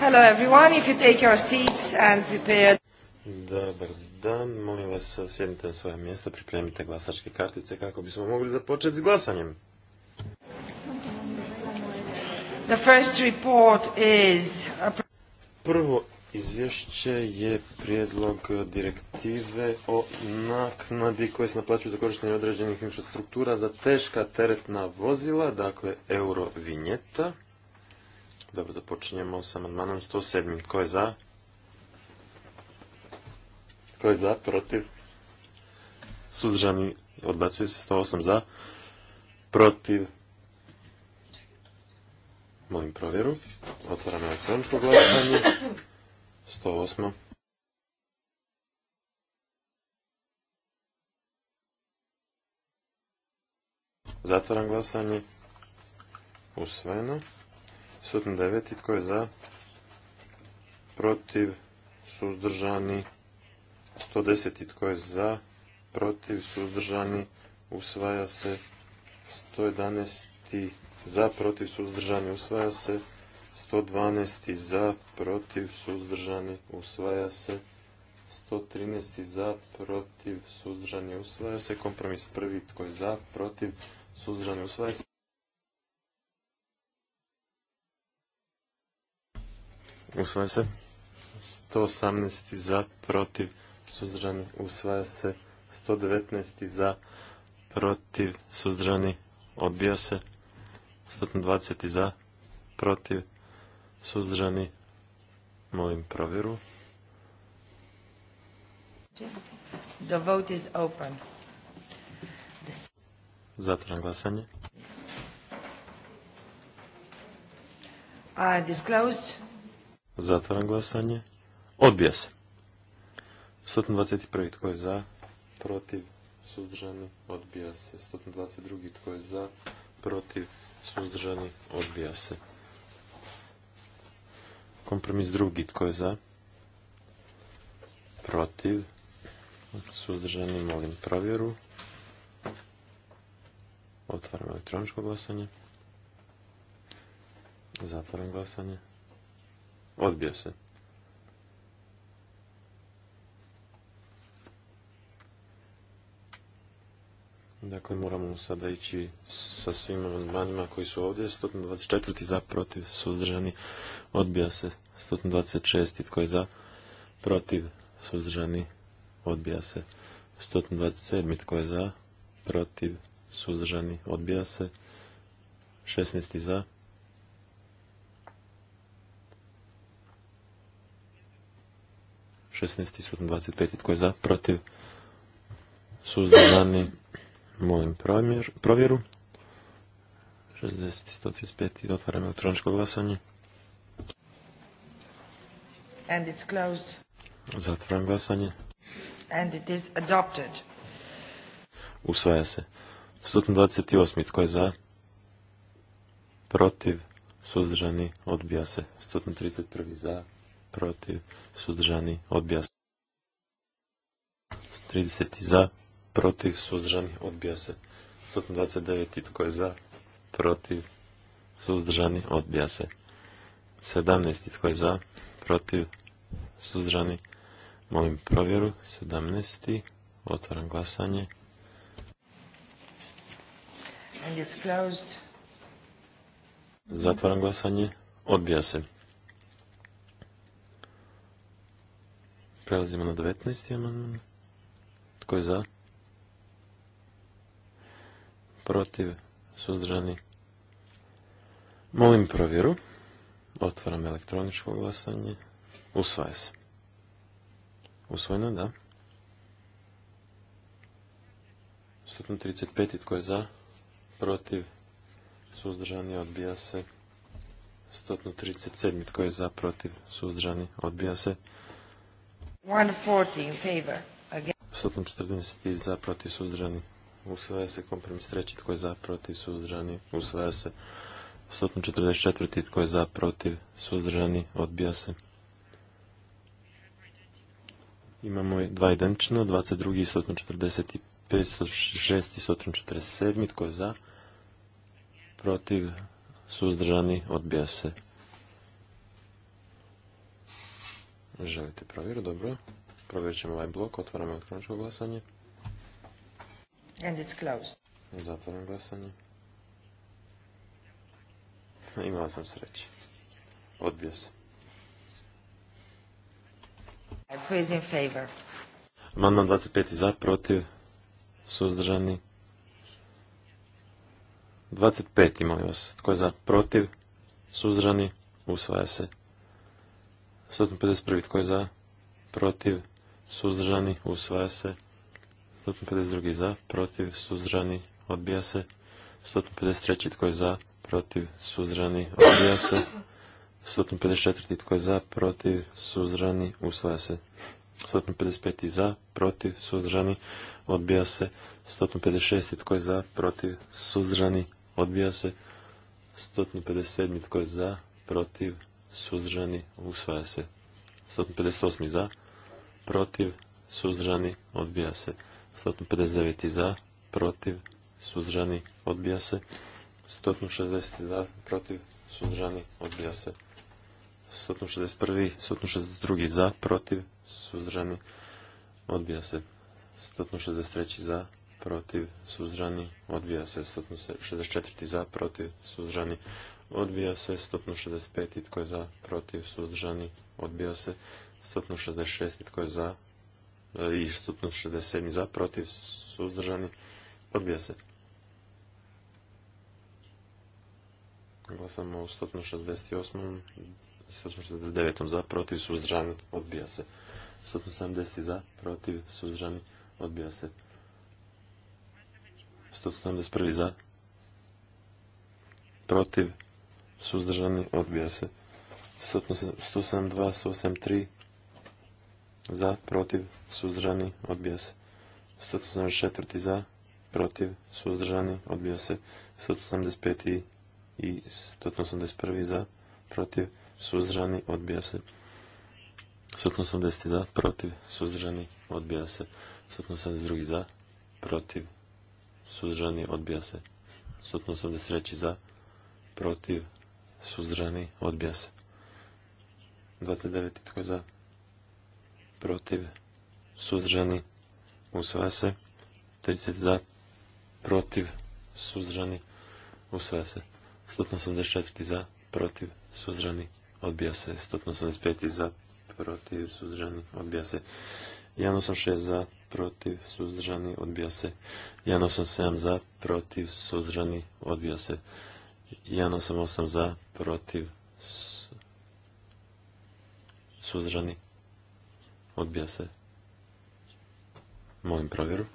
Hello everyone, Dobar dan, molim vas sjednite na svoje mjesta, pripremite glasačke kartice kako bismo mogli započeti s glasanjem. The first Prvo izvješće je prijedlog direktive o naknadi koje se naplaćuju za korištenje određenih infrastruktura za teška teretna vozila, dakle euro vinjeta. Dobro, započinjemo s amandmanom 107. Tko je za? Tko je za? Protiv? Suzdržani odbacuje se 108 za. Protiv? Molim provjeru. Otvaramo elektroničko glasanje. 108. Zatvaram glasanje. Usvojeno. 109. Tko je za? Protiv? Suzdržani? 110. Tko je za? Protiv? Suzdržani? Usvaja se. 111. Za? Protiv? Suzdržani? Usvaja se. 112. Za? Protiv? Suzdržani? Usvaja se. 113. Za? Protiv? Suzdržani? Usvaja se. Kompromis prvi. Tko je za? Protiv? Suzdržani? Usvaja se. usvaja se. 118. za, protiv, suzdržani, usvaja se. 119. za, protiv, suzdržani, odbija se. 120. za, protiv, suzdržani, molim provjeru. The vote is open. Zatvaram glasanje. I disclosed. Zatvaram glasanje. Odbija se. 121. Tko je za? Protiv? Suzdržani? Odbija se. 122. Tko je za? Protiv? Suzdržani? Odbija se. Kompromis drugi. Tko je za? Protiv? Suzdržani? Molim provjeru. Otvaram elektroničko glasanje. Zatvaram glasanje. Odbija se. Dakle, moramo sada ići sa svim amandmanima koji su ovdje. 124. za, protiv, suzdržani. Odbija se. 126. tko je za, protiv, suzdržani. Odbija se. 127. tko je za, protiv, suzdržani. Odbija se. 16. za, 16 125. Tko je za? Protiv? Suzdržani? Molim promjer, provjeru. 60 135. Otvaram elektroničko glasanje. And it's closed. Zatvaram glasanje. And it is adopted. Usvaja se. 128. Tko je za? Protiv? Suzdržani? Odbija se. 131. Za? protiv, suzdržani, odbija se. 30. za, protiv, suzdržani, odbija se. 129. tko je za, protiv, suzdržani, odbija se. 17. tko je za, protiv, suzdržani, molim provjeru. 17. otvaram glasanje. Zatvaram glasanje, odbija se. Prelazimo na 19. amandman. Tko je za? Protiv? Suzdržani? Molim provjeru. Otvaram elektroničko glasanje. Usvaja se. Usvojeno, da. 135. Tko je za? Protiv? Suzdržani? Odbija se. 137. Tko je za? Protiv? Suzdržani? Odbija se. 140 za protiv suzdržani. Usvaja se kompromis treći tko je za protiv suzdržani. Usvaja se 144 tko je za protiv suzdržani. Odbija se. Imamo dva identična, 22 145, 146 147. Tko je za? Protiv, suzdržani, odbija se. Želite provjeru? Dobro. Provjerit ćemo ovaj blok. Otvaramo elektroničko glasanje. And it's closed. Zatvaram glasanje. Imao sam sreće. Odbio sam. Who is in favor? 25 za, protiv, suzdržani. 25 imali vas. Tko je za, protiv, suzdržani, usvaja se. 151. Tko je za? Protiv? Suzdržani? Usvaja se. 152. Za? Protiv? Suzdržani? Odbija se. 153. Tko je za? Protiv? Suzdržani? Odbija se. 154. Tko je za? Protiv? Suzdržani? Usvaja se. 155. Za? Protiv? Suzdržani? Odbija se. 156. Tko je za? Protiv? Suzdržani? Odbija se. 157. Tko je za? Protiv? suzdržani, usvaja se. 158. za, protiv, suzdržani, odbija se. 159. za, protiv, suzdržani, odbija se. 160. za, protiv, suzdržani, odbija se. 161. 162. za, protiv, suzdržani, odbija se. 163. za, protiv, suzdržani, odbija se. 164. za, protiv, suzdržani, odbija se 165 i tko je za, protiv, suzdržani, odbija se 166 i tko je za, e, i 167 za, protiv, suzdržani, odbija se. Glasamo u 168. 169 za, protiv, suzdržani, odbija se. 170 za, protiv, suzdržani, odbija se. 171 za, protiv, suzdržani, odbija se. 172, 183, za, protiv, suzdržani, odbija se. 174 za, protiv, suzdržani, odbija se. 185 i 181 za, protiv, suzdržani, odbija se. 180 za, protiv, suzdržani, odbija se. 182 za, protiv, suzdržani, odbija se. 183 za, protiv, suzdržani, odbija se. 29. Tko je za? Protiv, suzdržani, usvaja se. 30. Za, protiv, suzdržani, usvaja se. 184. Za, protiv, suzdržani, odbija se. 185. Za, protiv, suzdržani, odbija se. 186 za, protiv, suzdržani, odbija se. 187 za, protiv, suzdržani, odbija se. 188 za, protiv, suzdržani, odbija se. Molim provjeru.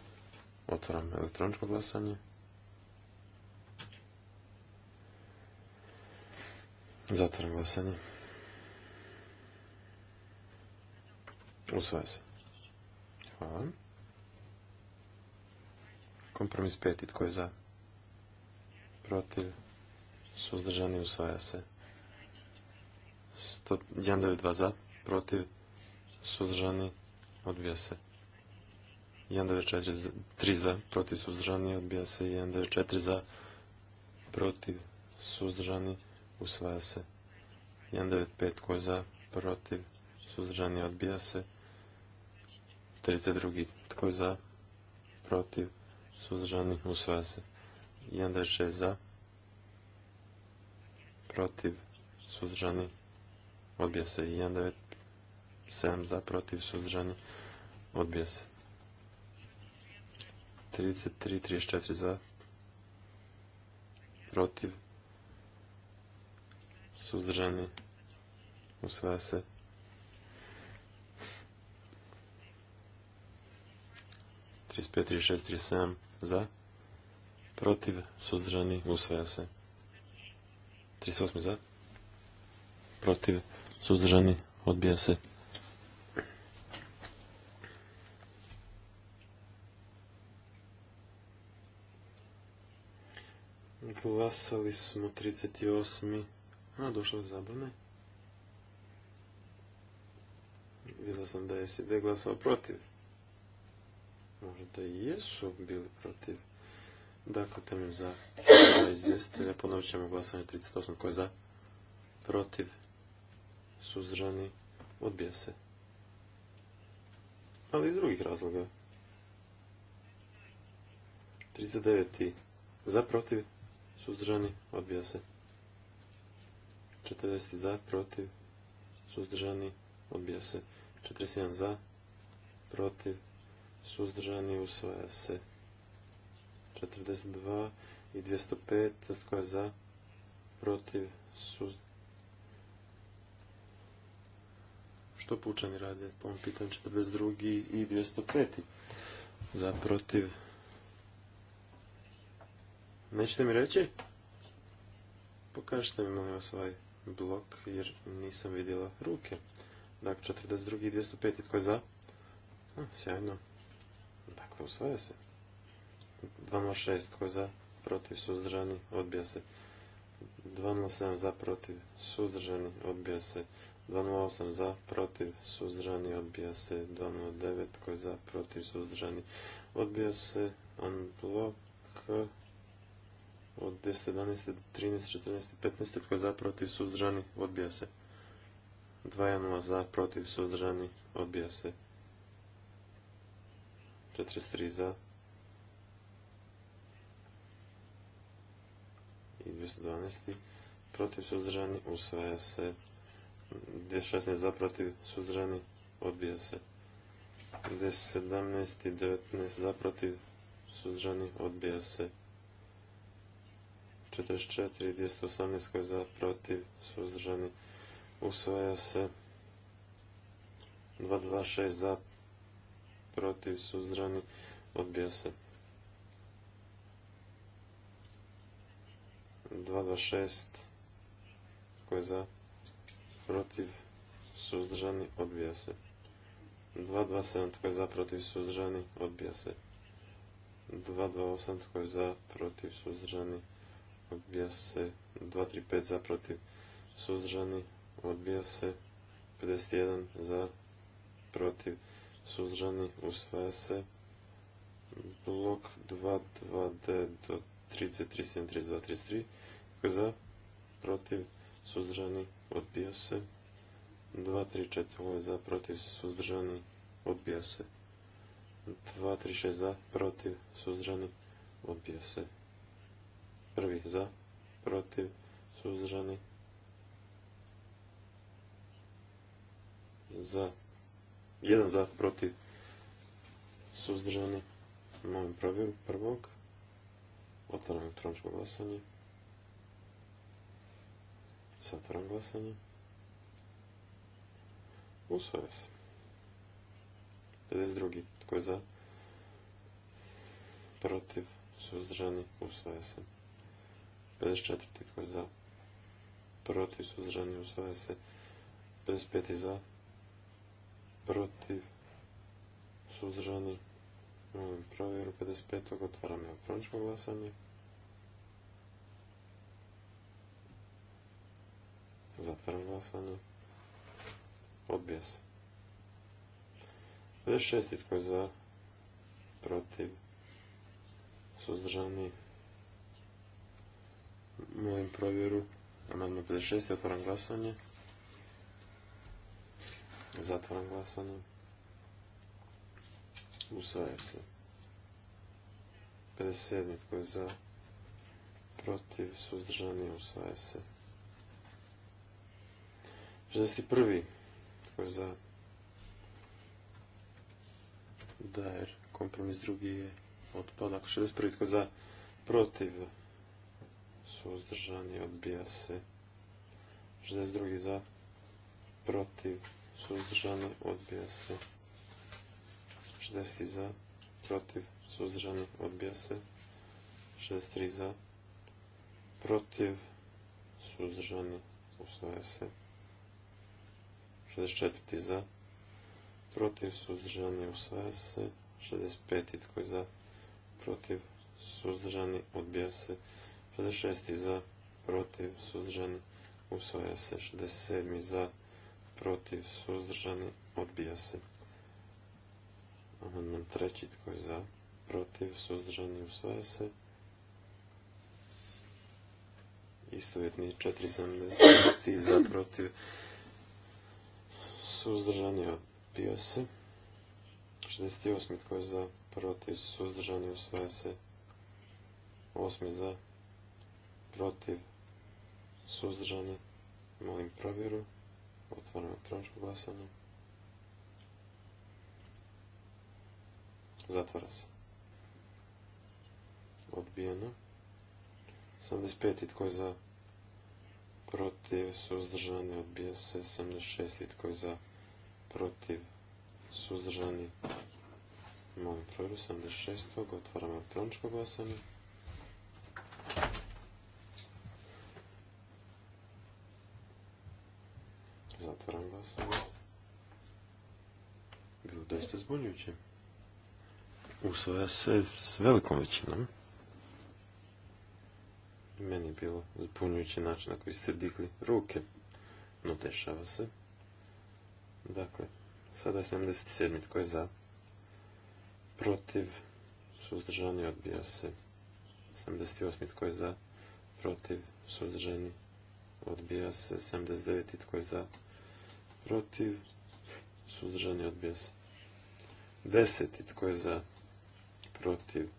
Otvaram elektroničko glasanje. Zatvaram glasanje. Usvaja se. Hvala. Kompromis peti. Tko je za? Protiv? suzdržani, usvaja se. 192 za, protiv, suzdržani, odbija se. 194 3 za, protiv, suzdržani, odbija se. 194 za, protiv, suzdržani, usvaja se. 195 ko za, protiv, suzdržani, odbija se. 32 tko je za, protiv, suzdržani, usvaja se. 196 za, protiv, suzdržani, odbija se. 197 za, protiv, suzdržani, odbija se. 33, 34 za, protiv, suzdržani, usvaja se. 35, 36, 37 za, protiv, suzdržani, usvaja se. 38 za. Protiv. Suzdržani. Odbija se. Glasali smo 38. A, došlo je zabrne Vidjela sam da je SED glasao protiv. Možda i jesu bili protiv. Dakle, temeljem za izvjestitelja ponovit ćemo glasanje 38. Ko je za? Protiv? Suzdržani? Odbija se. Ali i drugih razloga. 39. Za? Protiv? Suzdržani? Odbija se. 40. Za? Protiv? Suzdržani? Odbija se. 41. Za? Protiv? Suzdržani? Usvaja se. 42 i 205, tko je za, protiv, su Što pučani rade? Po ovom pitanju 42 i 205. Za, protiv. Nećete mi reći? Pokažite mi, molim vas, ovaj blok, jer nisam vidjela ruke. Dakle, 42 i 205, tko je za? sjajno. Dakle, usvaja se šest, tko je za, protiv, suzdržani, odbija se. sedam za, protiv, suzdržani, odbija se. osam za, protiv, suzdržani, odbija se. devet, tko je za, protiv, suzdržani, odbija se. On blok od 10, 11, 13, 14, 15 tko je za, protiv, suzdržani, odbija se. 2, 2-1 za, protiv, suzdržani, odbija se. 43 za, i 212. Protiv suzdržani usvaja se. 216 za protiv suzdržani odbija se. 217 i 19 za protiv suzdržani odbija se. 44 i 218 koji za protiv suzdržani usvaja se. 226 za protiv suzdržani odbija se. 226 tko je za protiv suzdržani odbija se 227 tko je za protiv suzdržani odbija se 228 tko je za protiv suzdržani odbija se 235 za protiv suzdržani odbija se 51 za protiv suzdržani usvaja se blok 22D do 30, 31, 32, 33. za? Protiv? Suzdržani? Odbija se. 2, 3, 4. Ovo je za? Protiv? Suzdržani? Odbija se. 2, 3, 6. Za? Protiv? Suzdržani? Odbija se. Prvi za? Protiv? Suzdržani? Za? Jedan za? Protiv? Suzdržani? Molim provjeru prvog. Otvaram elektroničko glasanje. Zatvaram glasanje. Usvaja se. 52. Tko je za? Protiv. Suzdržani. Usvaja se. 54. Tko je za? Protiv. Suzdržani. Usvaja se. 55. Za. Protiv. Suzdržani provjeru 55. otvaram elektroničko glasanje. Zatvaram glasanje. Odbija se. 56. tko je za, protiv, suzdržani. Molim provjeru. Amandman 56. Otvaram glasanje. Zatvaram glasanje usvaja 57. Tko je za? Protiv, suzdržani, usvaja se. 61. Tko je za? Da, kompromis drugi je otpad. Ako 61. Tko je za? Protiv, suzdržani, odbija se. 62. za? Protiv, suzdržani, odbija se. 60 za, protiv, suzdržani, odbija se. 63 za, protiv, suzdržani, usvaja se. 64 za, protiv, suzdržani, usvaja se. 65 tko je za, protiv, suzdržani, odbija se. 66 za, protiv, suzdržani, usvaja se. 67 za, protiv, suzdržani, odbija se. Amandman treći, tko je za, protiv, suzdržani, usvaja se. Istovjetni 470 za, protiv, suzdržani, odbija se. 68. tko je za, protiv, suzdržani, usvaja se. 8. za, protiv, suzdržani, molim provjeru. Otvaram elektroničko glasanje. Zatvara se. Odbijeno. 75. Tko je za? Protiv. Suzdržani. Odbija se. 76. Tko je za? Protiv. Suzdržani. Molim proveru. 76. Otvaram elektroničko glasanje. Zatvaram glasanje. Bilo jeste zbunjujuće usvaja se s velikom većinom. Meni je bilo zbunjujući način na koji ste digli ruke, no dešava se. Dakle, sada je 77. Tko je za? Protiv. Suzdržani odbija se. 78. Tko je za? Protiv. Suzdržani odbija se. 79. Tko je za? Protiv. Suzdržani odbija se. 10. Tko je za? protiv,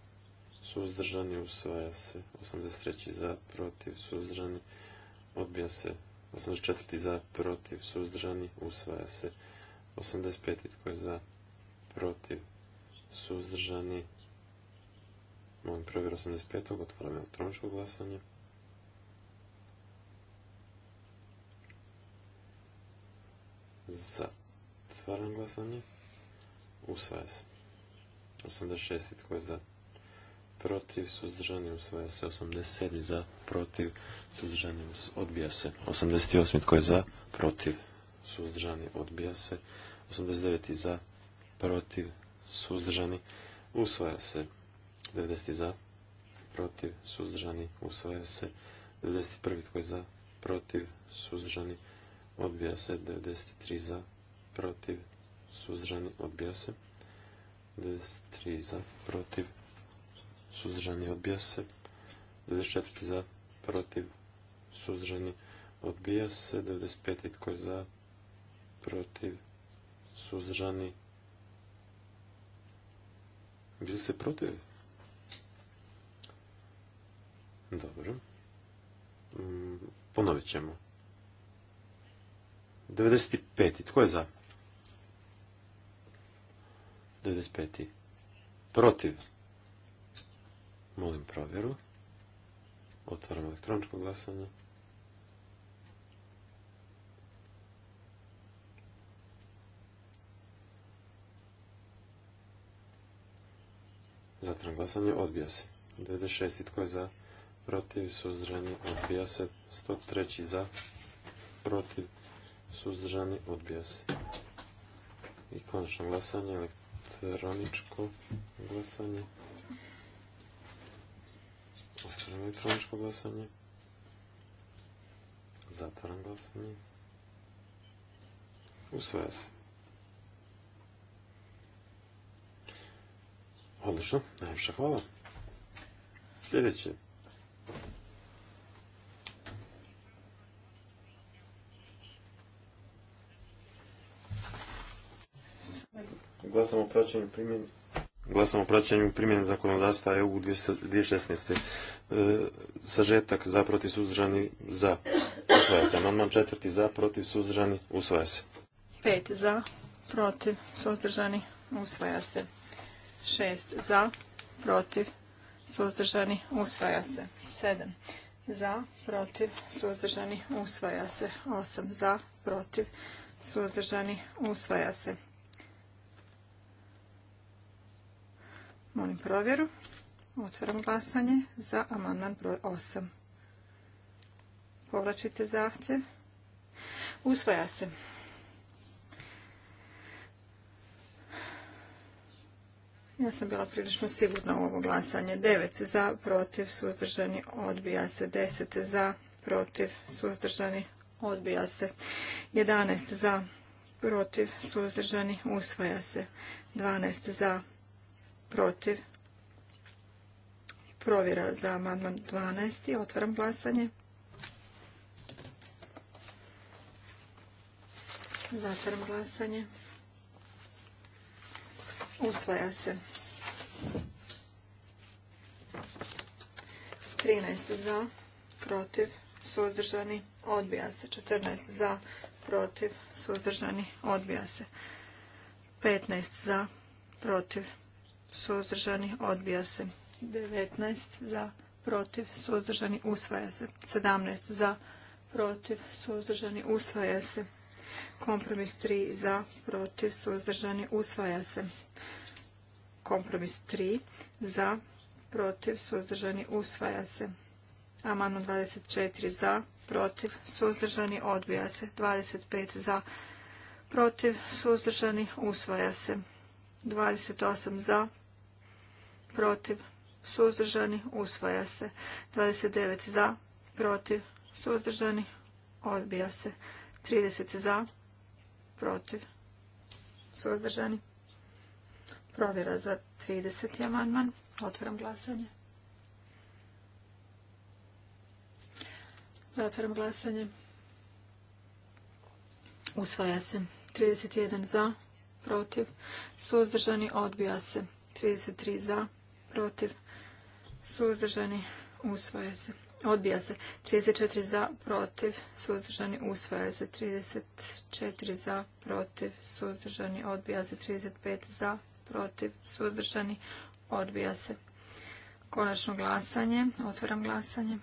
suzdržani, usvaja se. 83. za, protiv, suzdržani, odbija se. 84. za, protiv, suzdržani, usvaja se. 85. tko je za, protiv, suzdržani, molim provjer 85. otvaram elektroničko glasanje. Zatvaram glasanje. Usvaja se. 86. Tko je za? Protiv. Suzdržani usvaja se. 87. Za. Protiv. Suzdržani odbija se. 88. Tko je za? Protiv. Suzdržani odbija se. 89. Za. Protiv. Suzdržani usvaja se. 90. Za. Protiv. Suzdržani usvaja se. 91. Tko je za? Protiv. Suzdržani odbija se. 93. Za. Protiv. Suzdržani odbija se. 93 za, protiv, suzdržani odbija se. 94 za, protiv, suzdržani odbija se. 95 tko je za, protiv, suzdržani. Bili se protiv? Dobro. Mm, ponovit ćemo. 95. Tko je za? 95. Protiv. Molim provjeru. Otvaram elektroničko glasanje. Zatvaram glasanje. Odbija se. 96. Tko je za? Protiv. Suzdržani. Odbija se. 103. Za. Protiv. Suzdržani. Odbija se. I konačno glasanje. Elektroničko elektroničko glasanje. Otvaram elektroničko glasanje. Zatvaram glasanje. Usvaja se. Odlično, najljepša hvala. Sljedeće. glasamo o praćenju primjeni glasamo o praćenju zakonodavstva EU 2016. E, sažetak za protiv suzdržani za usvaja se. Amandman četvrti za protiv suzdržani usvaja se. Pet za protiv suzdržani usvaja se. Šest za protiv suzdržani usvaja se. Sedam za protiv suzdržani usvaja se. Osam za protiv suzdržani usvaja se. Molim provjeru. Otvaram glasanje za amandman broj 8. Povlačite zahtjev. Usvaja se. Ja sam bila prilično sigurna u ovo glasanje. 9 za, protiv, suzdržani, odbija se. 10 za, protiv, suzdržani, odbija se. 11 za, protiv, suzdržani, usvaja se. 12 za, protiv. Provjera za amandman 12. Otvaram glasanje. Zatvaram glasanje. Usvaja se. 13 za, protiv, suzdržani, odbija se. 14 za, protiv, suzdržani, odbija se. 15 za, protiv, suzdržani, odbija se. 19 za, protiv, suzdržani, usvaja se. 17 za, protiv, suzdržani, usvaja se. Kompromis 3 za, protiv, suzdržani, usvaja se. Kompromis 3 za, protiv, suzdržani, usvaja se. Amano 24 za, protiv, suzdržani, odbija se. 25 za, protiv, suzdržani, usvaja se. 28 za, protiv, suzdržani, usvaja se. 29 za, protiv, suzdržani, odbija se. 30 za, protiv, suzdržani. Provjera za 30. amandman. Otvaram glasanje. Zatvaram glasanje. Usvaja se. 31 za, protiv, suzdržani, odbija se. 33 za, protiv, suzdržani, usvaja se. Odbija se 34 za, protiv, suzdržani, usvaja se 34 za, protiv, suzdržani, odbija se 35 za, protiv, suzdržani, odbija se. Konačno glasanje, otvaram glasanje.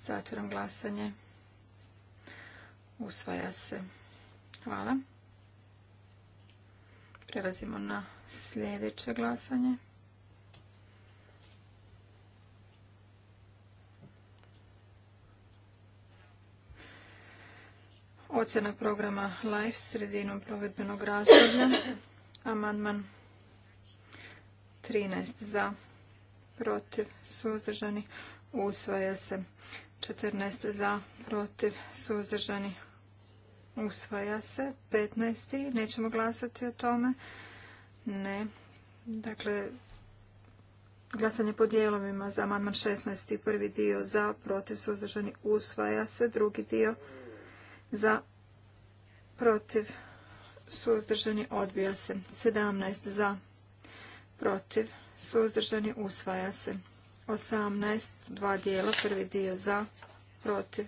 Zatvaram glasanje. Usvaja se. Hvala. Prelazimo na sljedeće glasanje. Ocjena programa LIFE sredinom provedbenog razdoblja. Amandman 13 za, protiv, suzdržani, usvaja se. 14 za, protiv, suzdržani, Usvaja se. 15. Nećemo glasati o tome. Ne. Dakle, glasanje po dijelovima za amandman 16. Prvi dio za, protiv, suzdržani. Usvaja se. Drugi dio za, protiv, suzdržani. Odbija se. 17. Za, protiv, suzdržani. Usvaja se. 18. Dva dijela. Prvi dio za, protiv,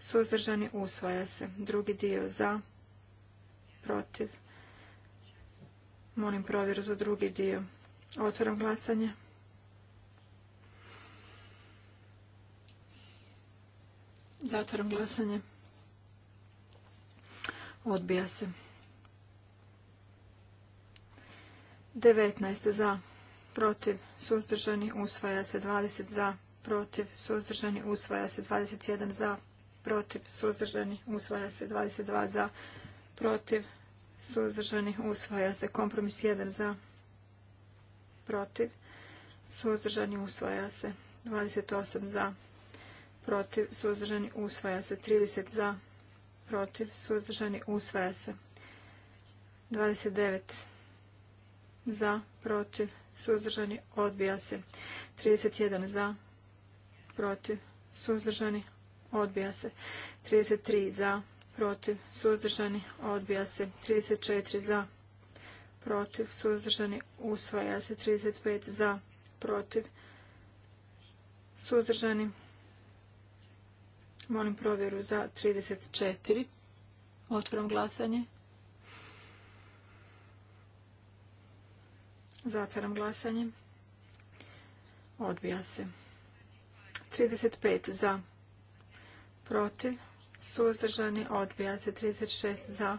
suzdržani, usvaja se. Drugi dio za, protiv. Molim provjeru za drugi dio. Otvaram glasanje. Zatvaram glasanje. Odbija se. 19 za, protiv, suzdržani, usvaja se 20 za, protiv, suzdržani, usvaja se 21 za, protiv, suzdržani, usvaja se 22 za, protiv, suzdržani, usvaja se kompromis 1 za, protiv, suzdržani, usvaja se 28 za, protiv, suzdržani, usvaja se 30 za, protiv, suzdržani, usvaja se 29 za, protiv, suzdržani, odbija se 31 za, protiv, suzdržani, odbija se. 33 za, protiv, suzdržani, odbija se. 34 za, protiv, suzdržani, usvaja se. 35 za, protiv, suzdržani. Molim provjeru za 34. Otvorom glasanje. Zatvaram glasanje. Odbija se. 35 za, protiv, suzdržani, odbija se 36 za,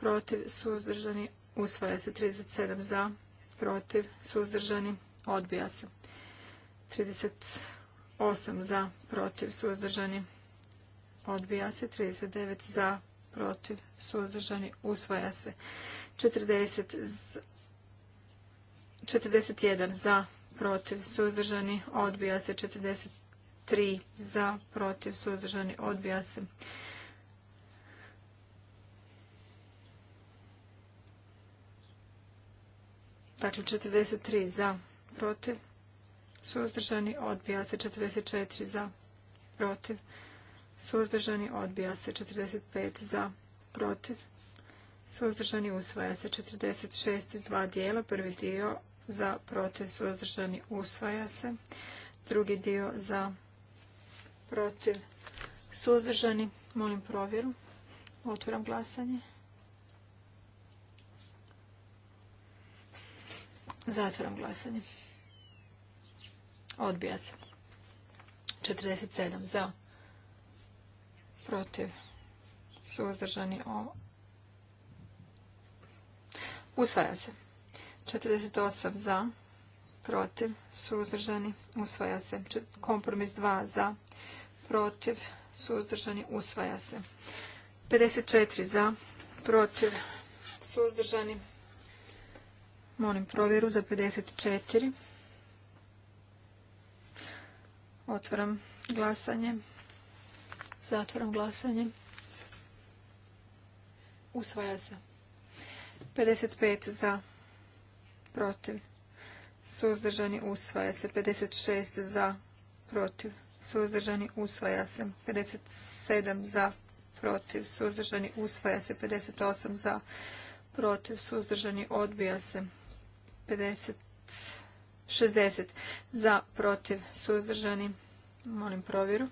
protiv, suzdržani, usvaja se 37 za, protiv, suzdržani, odbija se 38 za, protiv, suzdržani, odbija se 39 za, protiv, suzdržani, usvaja se 41 za, protiv, suzdržani, odbija se 40 3 za, protiv, suzdržani, odbija se. Dakle, 43 za, protiv, suzdržani, odbija se. 44 za, protiv, suzdržani, odbija se. 45 za, protiv, suzdržani, usvaja se. 46 dva dijela, prvi dio za, protiv, suzdržani, usvaja se. Drugi dio za, protiv, suzdržani. Molim provjeru. Otvoram glasanje. Zatvoram glasanje. Odbija se. 47 za. Protiv. Suzdržani. Usvaja se. 48 za. Protiv. Suzdržani. Usvaja se. Kompromis 2 za protiv, suzdržani, usvaja se. 54 za, protiv, suzdržani, molim provjeru za 54. Otvaram glasanje, zatvaram glasanje, usvaja se. 55 za, protiv, suzdržani, usvaja se. 56 za, protiv, suzdržani, usvaja se. 57 za, protiv, suzdržani, usvaja se. 58 za, protiv, suzdržani, odbija se. 50, 60 za, protiv, suzdržani, molim provjeru.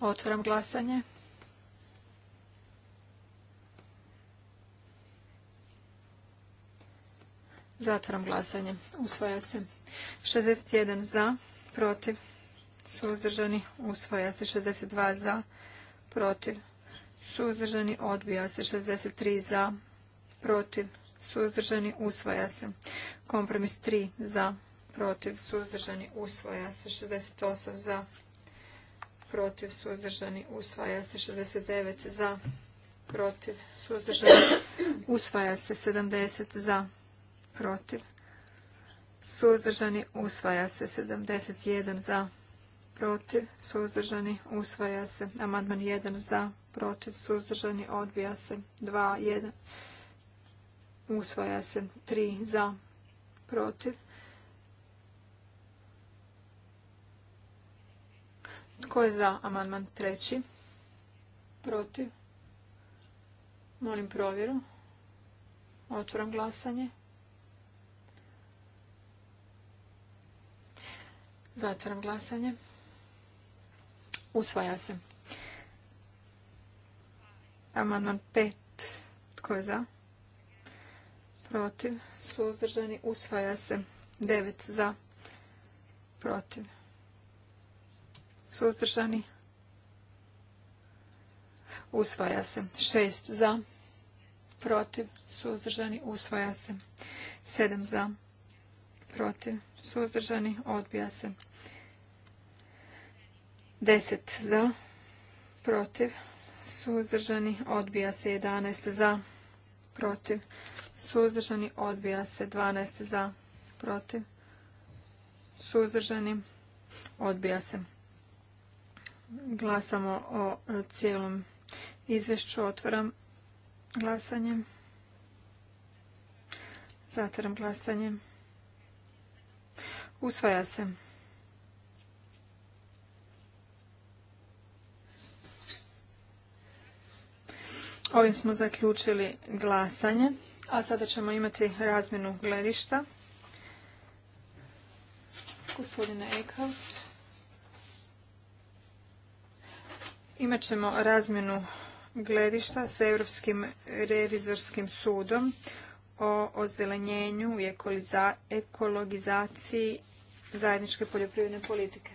Otvaram glasanje. Zatvaram glasanje. Usvaja se. 61 za, protiv, suzdržani, usvaja se 62 za, protiv, suzdržani, odbija se 63 za, protiv, suzdržani, usvaja se. Kompromis 3 za, protiv, suzdržani, usvaja se 68 za, protiv, suzdržani, usvaja se 69 za, protiv, suzdržani, usvaja se 70 za, protiv, suzdržani, usvaja se 71 za, protiv, suzdržani, usvaja se. Amandman 1 za, protiv, suzdržani, odbija se. 2, 1, usvaja se. 3 za, protiv. Tko je za amandman treći? Protiv? Molim provjeru. Otvoram glasanje. Zatvoram glasanje. Usvaja se. Amandman 5. Tko je za? Protiv. Suzdržani. Usvaja se. 9 za. Protiv. Suzdržani. Usvaja se. 6 za. Protiv. Suzdržani. Usvaja se. 7 za. Protiv. Suzdržani. Odbija se. 10 za, protiv, suzdržani, odbija se 11 za, protiv, suzdržani, odbija se 12 za, protiv, suzdržani, odbija se. Glasamo o e, cijelom izvješću, otvaram glasanje, zatvaram glasanje, usvaja se. Ovim smo zaključili glasanje, a sada ćemo imati razmjenu gledišta. Gospodine Eichhout. Imat ćemo razmjenu gledišta sa Europskim revizorskim sudom o ozelenjenju i ekologizaciji zajedničke poljoprivredne politike.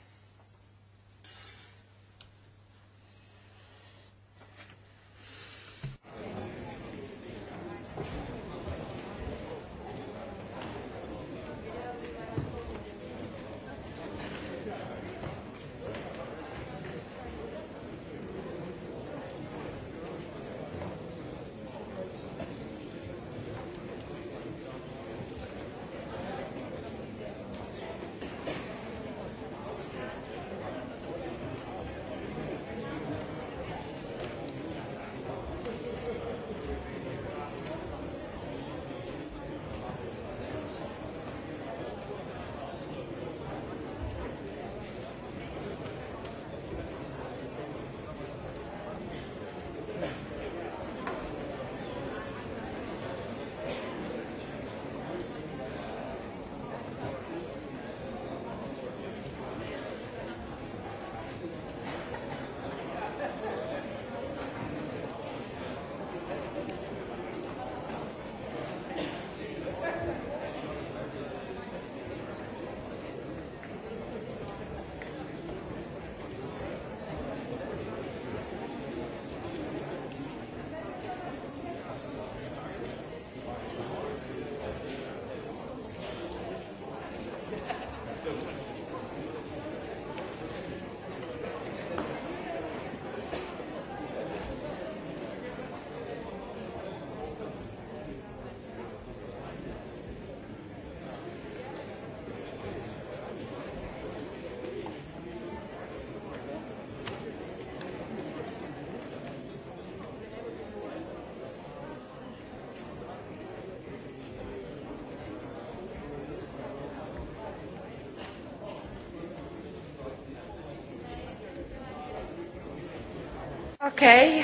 Okay,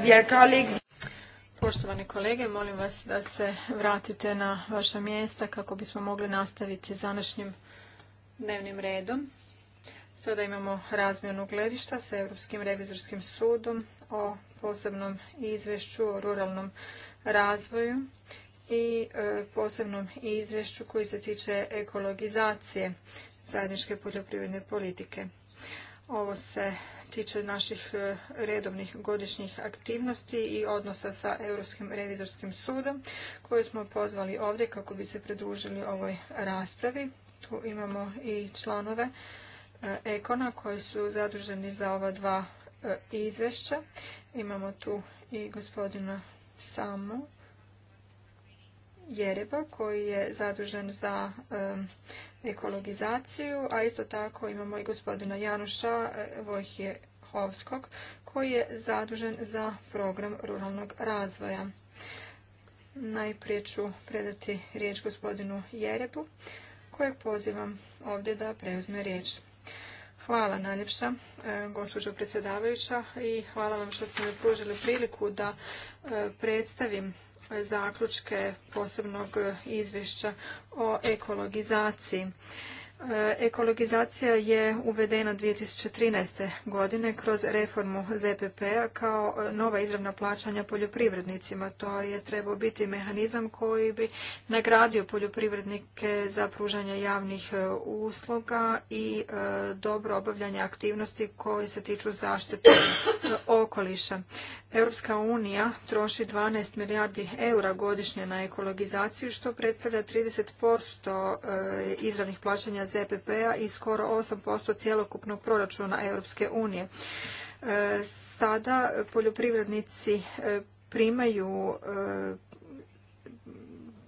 uh, uh, Poštovani kolege, molim vas da se vratite na vaša mjesta kako bismo mogli nastaviti s današnjim dnevnim redom. Sada imamo razmjenu gledišta sa Europskim revizorskim sudom o posebnom izvješću o ruralnom razvoju i e, posebnom izvješću koji se tiče ekologizacije zajedničke poljoprivredne politike. Ovo se tiče naših e, redovnih godišnjih aktivnosti i odnosa sa Europskim revizorskim sudom koje smo pozvali ovdje kako bi se pridružili ovoj raspravi. Tu imamo i članove e, Ekona koji su zaduženi za ova dva e, izvješća. Imamo tu i gospodina Samu Jereba koji je zadužen za ekologizaciju, a isto tako imamo i gospodina Januša e, Vojhjehovskog koji je zadužen za program ruralnog razvoja. Najprije ću predati riječ gospodinu Jerebu kojeg pozivam ovdje da preuzme riječ. Hvala najljepša, e, gospođo predsjedavajuća, i hvala vam što ste mi pružili priliku da e, predstavim zaključke posebnog izvješća o ekologizaciji. E, ekologizacija je uvedena 2013. godine kroz reformu ZPP-a kao e, nova izravna plaćanja poljoprivrednicima. To je trebao biti mehanizam koji bi nagradio poljoprivrednike za pružanje javnih e, usluga i dobro obavljanje aktivnosti koje se tiču zaštite okoliša. Europska unija troši 12 milijardi eura godišnje na ekologizaciju što predstavlja 30% izravnih plaćanja ZPP-a i skoro 8% cjelokupnog proračuna Europske unije. E, sada poljoprivrednici e, primaju e,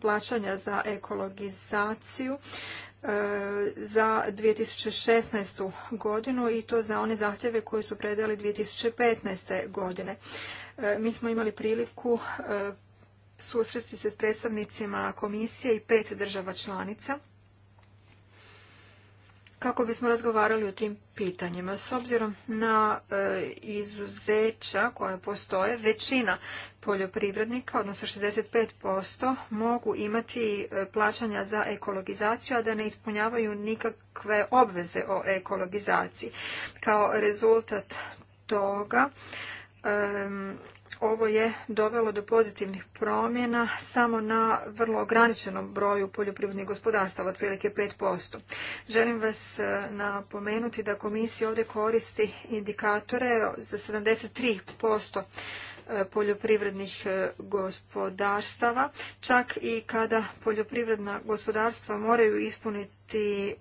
plaćanja za ekologizaciju za 2016. godinu i to za one zahtjeve koje su predali 2015. godine. Mi smo imali priliku susresti se s predstavnicima komisije i pet država članica kako bismo razgovarali o tim pitanjima. S obzirom na e, izuzeća koja postoje, većina poljoprivrednika, odnosno 65%, mogu imati e, plaćanja za ekologizaciju, a da ne ispunjavaju nikakve obveze o ekologizaciji. Kao rezultat toga, ovo je dovelo do pozitivnih promjena samo na vrlo ograničenom broju poljoprivrednih gospodarstava, otprilike 5%. Želim vas e, napomenuti da komisija ovdje koristi indikatore za 73% E, poljoprivrednih e, gospodarstava, čak i kada poljoprivredna gospodarstva moraju ispuniti e,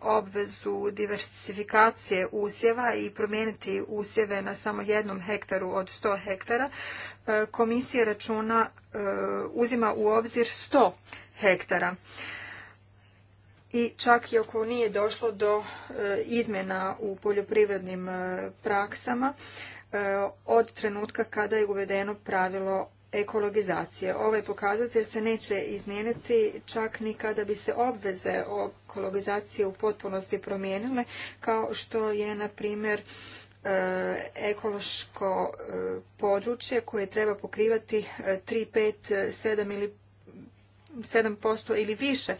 obvezu diversifikacije usjeva i promijeniti usjeve na samo jednom hektaru od 100 hektara, komisija računa uzima u obzir 100 hektara i čak i ako nije došlo do izmjena u poljoprivrednim praksama E, od trenutka kada je uvedeno pravilo ekologizacije. Ovaj pokazatelj se neće izmijeniti čak ni kada bi se obveze o ekologizacije u potpunosti promijenile, kao što je, na primjer, e, ekološko e, područje koje treba pokrivati 3, 5, 7 ili 7% ili više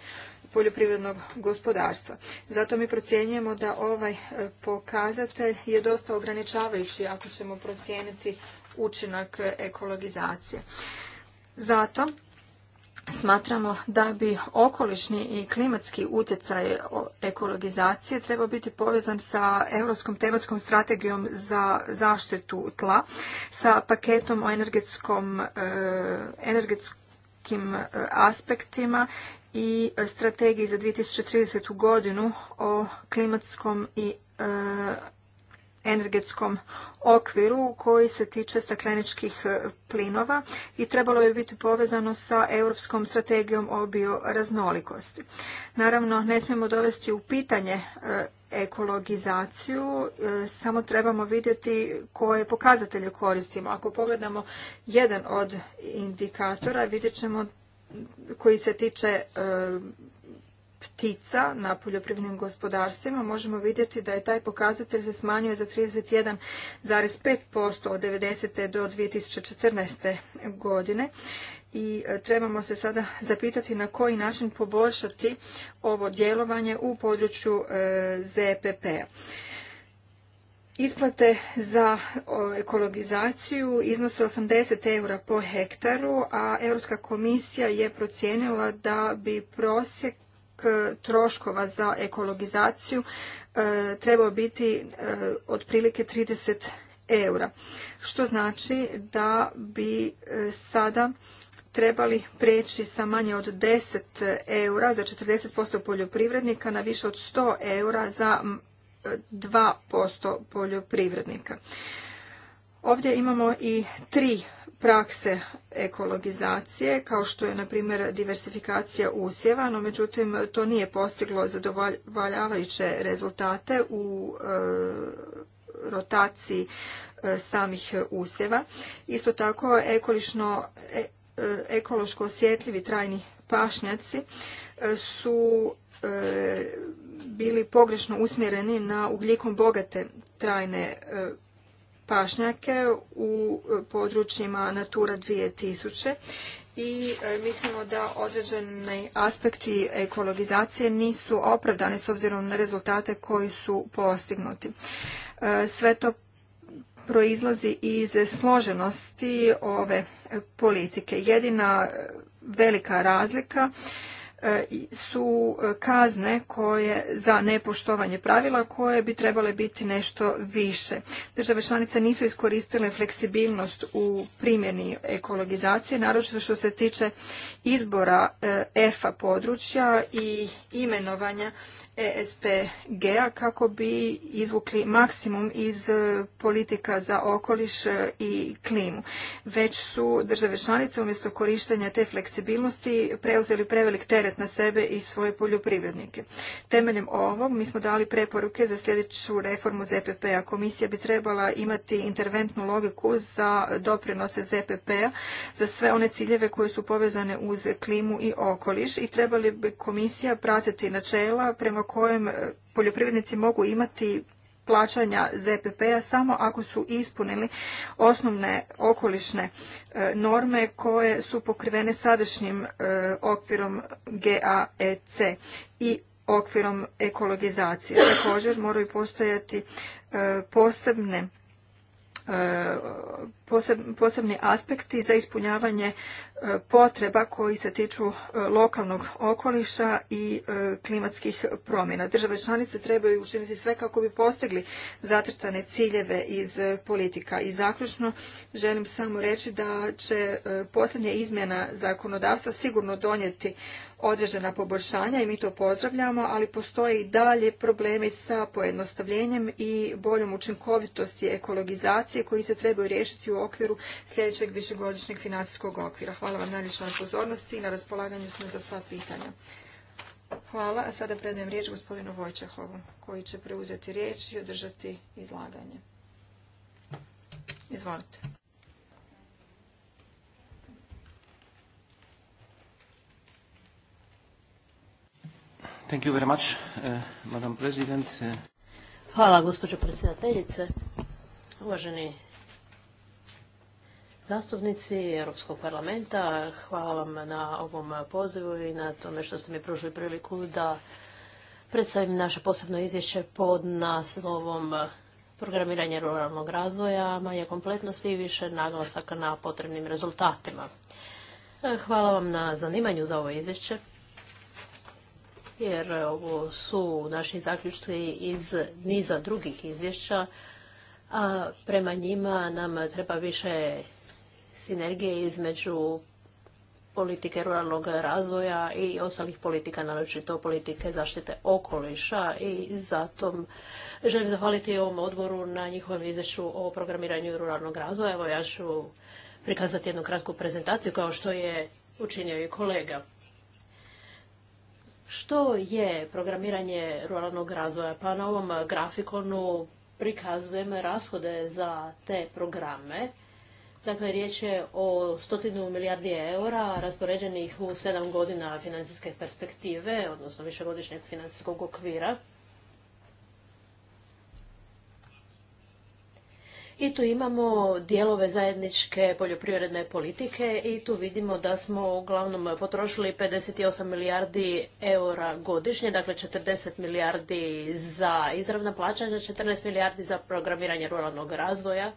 poljoprivrednog gospodarstva. Zato mi procjenjujemo da ovaj e, pokazatelj je dosta ograničavajući ako ćemo procijeniti učinak ekologizacije. Zato smatramo da bi okolišni i klimatski utjecaj ekologizacije trebao biti povezan sa europskom tematskom strategijom za zaštitu tla sa paketom o energetskom e, energetskim e, aspektima i strategiji za 2030. godinu o klimatskom i e, energetskom okviru koji se tiče stakleničkih e, plinova i trebalo bi biti povezano sa europskom strategijom o bioraznolikosti. Naravno, ne smijemo dovesti u pitanje e, ekologizaciju, samo trebamo vidjeti koje pokazatelje koristimo. Ako pogledamo jedan od indikatora, vidjet ćemo koji se tiče e, ptica na poljoprivrednim gospodarstvima možemo vidjeti da je taj pokazatelj se smanjio za 31,5% od 90. do 2014. godine i e, trebamo se sada zapitati na koji način poboljšati ovo djelovanje u području e, ZPP-a. Isplate za ekologizaciju iznose 80 eura po hektaru, a Europska komisija je procijenila da bi prosjek e, troškova za ekologizaciju e, trebao biti e, otprilike 30 eura. Što znači da bi sada trebali preći sa manje od 10 eura za 40% poljoprivrednika na više od 100 eura za 2% poljoprivrednika. Ovdje imamo i tri prakse ekologizacije, kao što je, na primjer, diversifikacija usjeva, no međutim, to nije postiglo zadovoljavajuće rezultate u e, rotaciji e, samih usjeva. Isto tako, e, ekološko osjetljivi trajni pašnjaci su bili pogrešno usmjereni na ugljikom bogate trajne e, pašnjake u e, područjima Natura 2000 i e, mislimo da određeni aspekti ekologizacije nisu opravdani s obzirom na rezultate koji su postignuti. Sve to proizlazi iz složenosti ove politike. Jedina velika razlika E, su e, kazne koje za nepoštovanje pravila koje bi trebale biti nešto više. Države članice nisu iskoristile fleksibilnost u primjeni ekologizacije, naročito što se tiče izbora e, EFA područja i imenovanja ESPG-a kako bi izvukli maksimum iz e, politika za okoliš e, i klimu. Već su države članice umjesto korištenja te fleksibilnosti preuzeli prevelik teret na sebe i svoje poljoprivrednike. Temeljem ovog mi smo dali preporuke za sljedeću reformu ZPP-a. Komisija bi trebala imati interventnu logiku za doprinose ZPP-a za sve one ciljeve koje su povezane uz klimu i okoliš i trebali bi komisija pratiti načela prema kojem e, poljoprivrednici mogu imati plaćanja ZPP-a samo ako su ispunili osnovne okolišne e, norme koje su pokrivene sadašnjim e, okvirom GAEC i okvirom ekologizacije. Također moraju postojati posebne posebni aspekti za ispunjavanje e, potreba koji se tiču e, lokalnog okoliša i e, klimatskih promjena. Države članice trebaju učiniti sve kako bi postigli zatrcane ciljeve iz politika. I zaključno želim samo reći da će posljednja izmjena zakonodavstva sigurno donijeti određena poboljšanja i mi to pozdravljamo, ali postoje i dalje problemi sa pojednostavljenjem i boljom učinkovitosti ekologizacije koji se trebaju riješiti u okviru sljedećeg višegodišnjeg financijskog okvira. Hvala vam najviše na pozornosti i na raspolaganju smo za sva pitanja. Hvala, a sada predajem riječ gospodinu Vojčehovu koji će preuzeti riječ i održati izlaganje. Izvolite. Uh, uh, hvala, gospođo predsjedateljice. Uvaženi zastupnici Europskog parlamenta, hvala vam na ovom pozivu i na tome što ste mi pružili priliku da predstavim naše posebno izvješće pod naslovom programiranje ruralnog razvoja, manje kompletnosti i više naglasaka na potrebnim rezultatima. Hvala vam na zanimanju za ovo izvješće jer e, ovo su naši zaključci iz niza drugih izvješća, a prema njima nam treba više sinergije između politike ruralnog razvoja i ostalih politika, naročito politike zaštite okoliša i zato želim zahvaliti ovom odboru na njihovom izvješću o programiranju ruralnog razvoja. Evo ja ću prikazati jednu kratku prezentaciju kao što je učinio i kolega. Što je programiranje ruralnog razvoja? Pa na ovom grafikonu prikazujem rashode za te programe. Dakle, riječ je o stotinu milijardi eura raspoređenih u sedam godina financijske perspektive, odnosno višegodišnjeg financijskog okvira. I tu imamo dijelove zajedničke poljoprivredne politike i tu vidimo da smo uglavnom potrošili 58 milijardi eura godišnje, dakle 40 milijardi za izravna plaćanja, 14 milijardi za programiranje ruralnog razvoja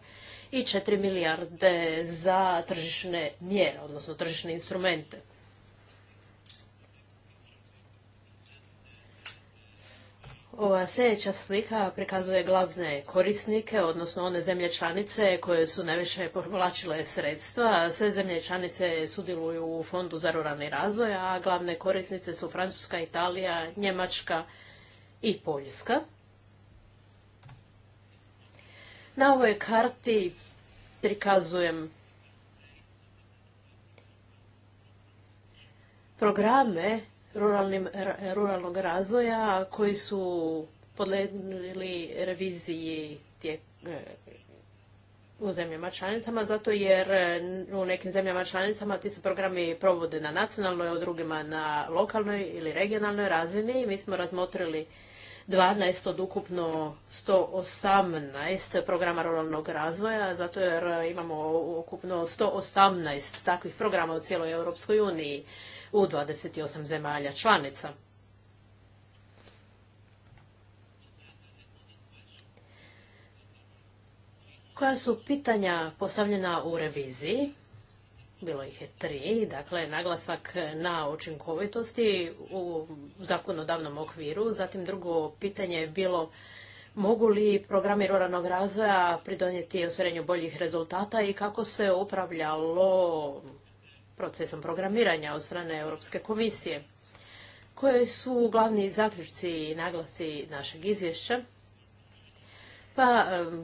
i 4 milijarde za tržišne mjere, odnosno tržišne instrumente. Ova sljedeća slika prikazuje glavne korisnike, odnosno one zemlje članice koje su najviše povlačile sredstva. Sve zemlje članice sudjeluju u Fondu za ruralni razvoj, a glavne korisnice su Francuska, Italija, Njemačka i Poljska. Na ovoj karti prikazujem programe ruralnim, ruralnog razvoja koji su podledili reviziji e, u zemljama članicama, zato jer e, u nekim zemljama članicama ti se programi provode na nacionalnoj, u drugima na lokalnoj ili regionalnoj razini. Mi smo razmotrili 12 od ukupno 118 programa ruralnog razvoja, zato jer e, imamo ukupno 118 takvih programa u cijeloj Europskoj uniji u 28 zemalja članica. Koja su pitanja postavljena u reviziji? Bilo ih je tri, dakle naglasak na učinkovitosti u zakonodavnom okviru. Zatim drugo pitanje je bilo mogu li programi ruralnog razvoja pridonijeti ostvarenju boljih rezultata i kako se upravljalo procesom programiranja od strane Europske komisije. Koje su glavni zaključci i naglasi našeg izvješća? Pa,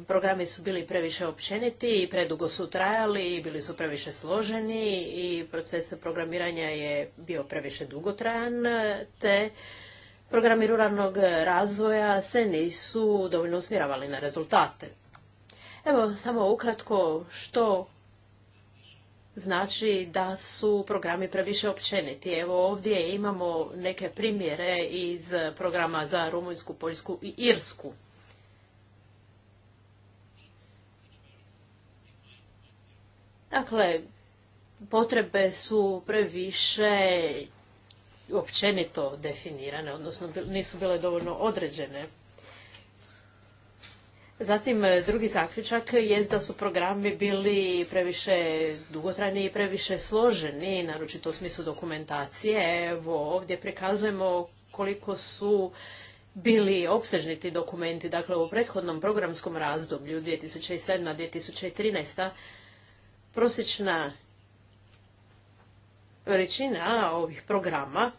programi su bili previše općeniti i predugo su trajali, bili su previše složeni i proces programiranja je bio previše dugotrajan, te programi ruralnog razvoja se nisu dovoljno usmjeravali na rezultate. Evo, samo ukratko što znači da su programi previše općeniti. Evo ovdje imamo neke primjere iz programa za Rumunjsku, Poljsku i Irsku. Dakle, potrebe su previše općenito definirane, odnosno nisu bile dovoljno određene. Zatim, e, drugi zaključak je da su programi bili previše dugotrajni i previše složeni, naročito u smislu dokumentacije. Evo, ovdje prikazujemo koliko su bili opsežni ti dokumenti, dakle u prethodnom programskom razdoblju 2007-2013 prosječna veličina ovih programa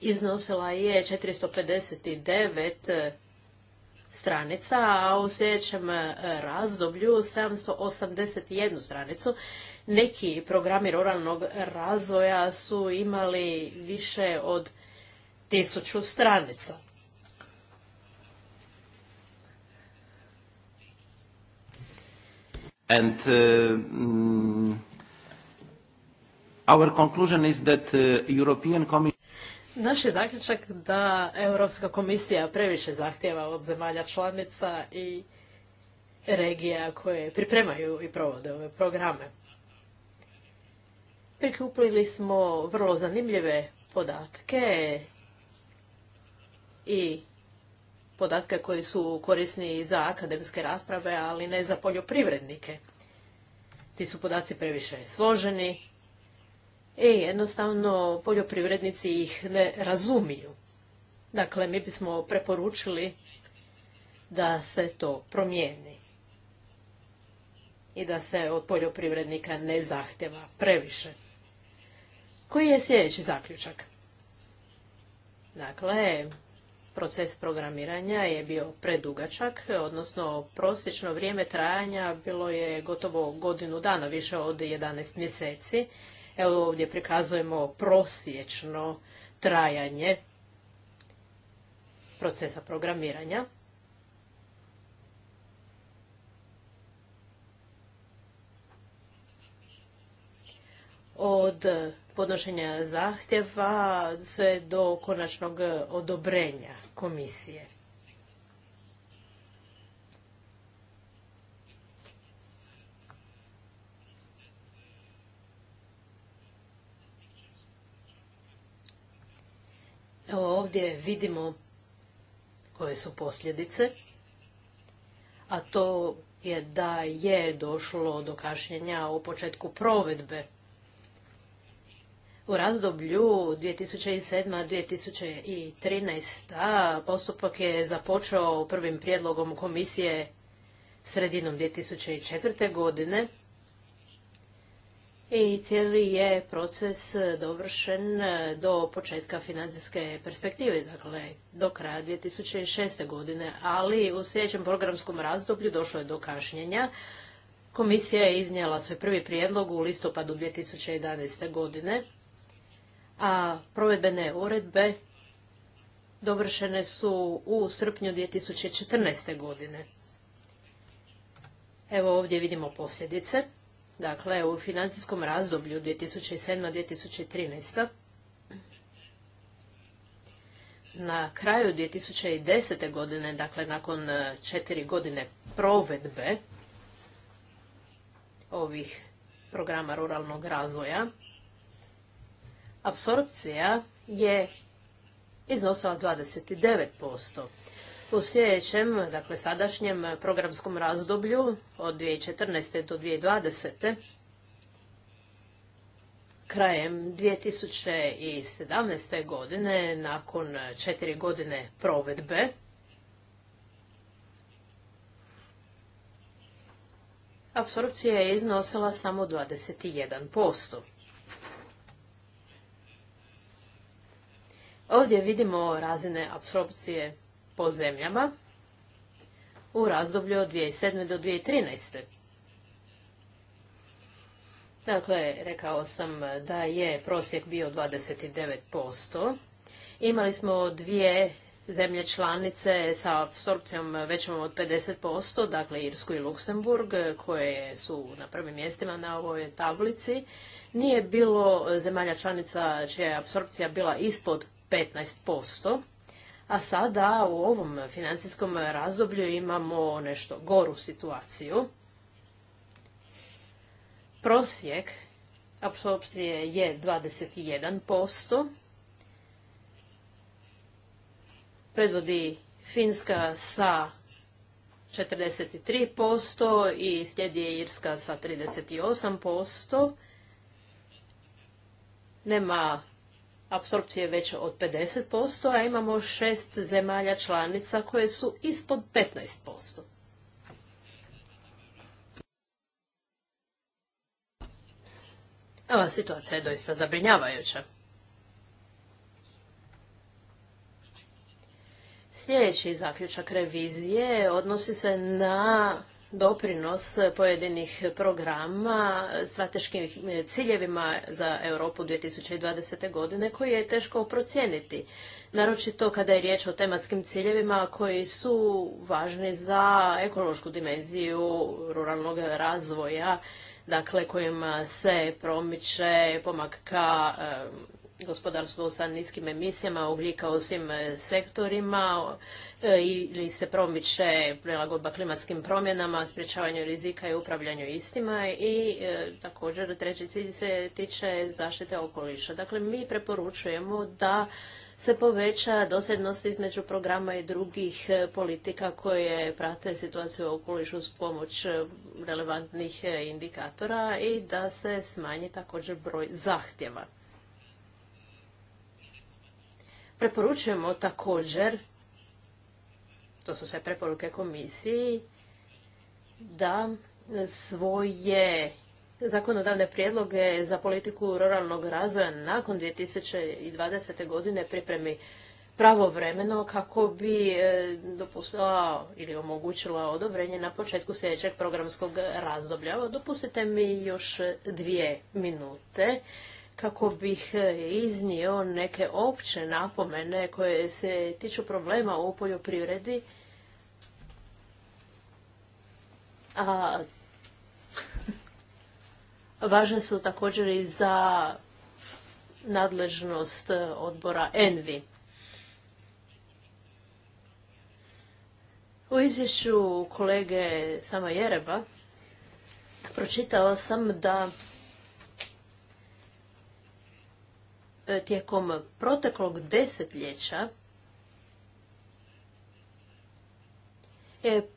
iznosila je 459 stranica, a u sljedećem e, razdoblju 781 stranicu. Neki programi ruralnog razvoja su imali više od tisuću stranica. And uh, mm, our conclusion is that uh, European Commission naš je zaključak da Europska komisija previše zahtjeva od zemalja članica i regija koje pripremaju i provode ove programe. Prikupili smo vrlo zanimljive podatke i podatke koji su korisni za akademske rasprave, ali ne za poljoprivrednike. Ti su podaci previše složeni, i e, jednostavno poljoprivrednici ih ne razumiju. Dakle, mi bismo preporučili da se to promijeni i da se od poljoprivrednika ne zahtjeva previše. Koji je sljedeći zaključak? Dakle, proces programiranja je bio predugačak, odnosno prosječno vrijeme trajanja bilo je gotovo godinu dana, više od 11 mjeseci Evo ovdje prikazujemo prosječno trajanje procesa programiranja. Od podnošenja zahtjeva sve do konačnog odobrenja komisije. Evo ovdje vidimo koje su posljedice, a to je da je došlo do kašnjenja u početku provedbe. U razdoblju 2007-2013 postupak je započeo prvim prijedlogom komisije sredinom 2004. godine, i cijeli je proces dovršen do početka financijske perspektive, dakle do kraja 2006. godine, ali u sljedećem programskom razdoblju došlo je do kašnjenja. Komisija je iznijela svoj prvi prijedlog u listopadu 2011. godine, a provedbene uredbe dovršene su u srpnju 2014. godine. Evo ovdje vidimo posljedice dakle u financijskom razdoblju 2007-2013, na kraju 2010. godine, dakle nakon e, četiri godine provedbe ovih programa ruralnog razvoja, apsorpcija je iznosila 29%. U sljedećem, dakle sadašnjem programskom razdoblju od 2014. do 2020. Krajem 2017. godine, nakon četiri godine provedbe, apsorpcija je iznosila samo 21%. Ovdje vidimo razine apsorpcije po zemljama u razdoblju od 2007. do 2013. Dakle, rekao sam da je prosjek bio 29%. Imali smo dvije zemlje članice sa apsorpcijom većom od 50%, dakle Irsku i Luksemburg, koje su na prvim mjestima na ovoj tablici. Nije bilo zemalja članica čija je apsorpcija bila ispod 15% a sada u ovom financijskom razdoblju imamo nešto goru situaciju. Prosjek apsorpcije je 21%. Predvodi Finska sa 43% i slijedi je Irska sa 38%. Nema apsorpcije veće od 50%, a imamo šest zemalja članica koje su ispod 15%. Ova situacija je doista zabrinjavajuća. Sljedeći zaključak revizije odnosi se na doprinos pojedinih programa strateškim ciljevima za Europu 2020. godine koji je teško procijeniti. Naročito kada je riječ o tematskim ciljevima koji su važni za ekološku dimenziju ruralnog razvoja, dakle kojima se promiče pomak ka gospodarstvo sa niskim emisijama ugljika u svim e, sektorima e, ili se promiče prilagodba klimatskim promjenama, sprječavanju rizika i upravljanju istima i e, također treći cilj se tiče zaštite okoliša. Dakle, mi preporučujemo da se poveća dosljednost između programa i drugih politika koje prate situaciju u okolišu s pomoć relevantnih indikatora i da se smanji također broj zahtjeva. Preporučujemo također, to su sve preporuke komisiji, da svoje zakonodavne prijedloge za politiku ruralnog razvoja nakon 2020. godine pripremi pravovremeno kako bi e, dopustila ili omogućila odobrenje na početku sljedećeg programskog razdoblja. Dopustite mi još dvije minute kako bih e, iznio neke opće napomene koje se tiču problema u poljoprivredi. A, važne su također i za nadležnost e, odbora ENVI. U izvješću kolege Sama Jereba pročitala sam da E, tijekom proteklog desetljeća je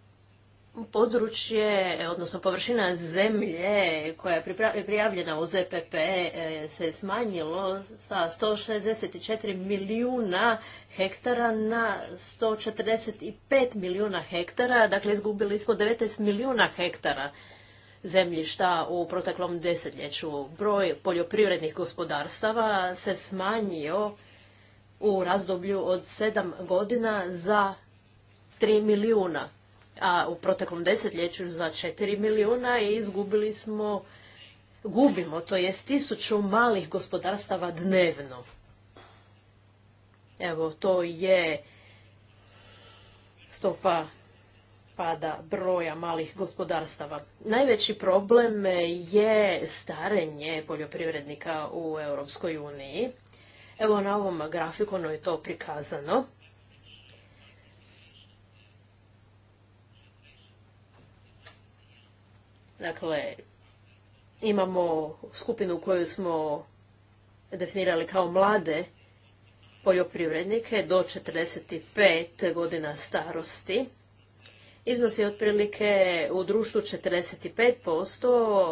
područje, odnosno površina zemlje koja je prijavljena u ZPP e, se smanjilo sa 164 milijuna hektara na 145 milijuna hektara, dakle izgubili smo 19 milijuna hektara zemljišta u proteklom desetljeću. Broj poljoprivrednih gospodarstava se smanjio u razdoblju od sedam godina za tri milijuna, a u proteklom desetljeću za četiri milijuna i izgubili smo, gubimo, to je tisuću malih gospodarstava dnevno. Evo, to je stopa pada broja malih gospodarstava. Najveći problem je starenje poljoprivrednika u Europskoj uniji. Evo na ovom grafikonu je to prikazano. Dakle, imamo skupinu koju smo definirali kao mlade poljoprivrednike do 45 godina starosti iznosi otprilike u društvu 45%,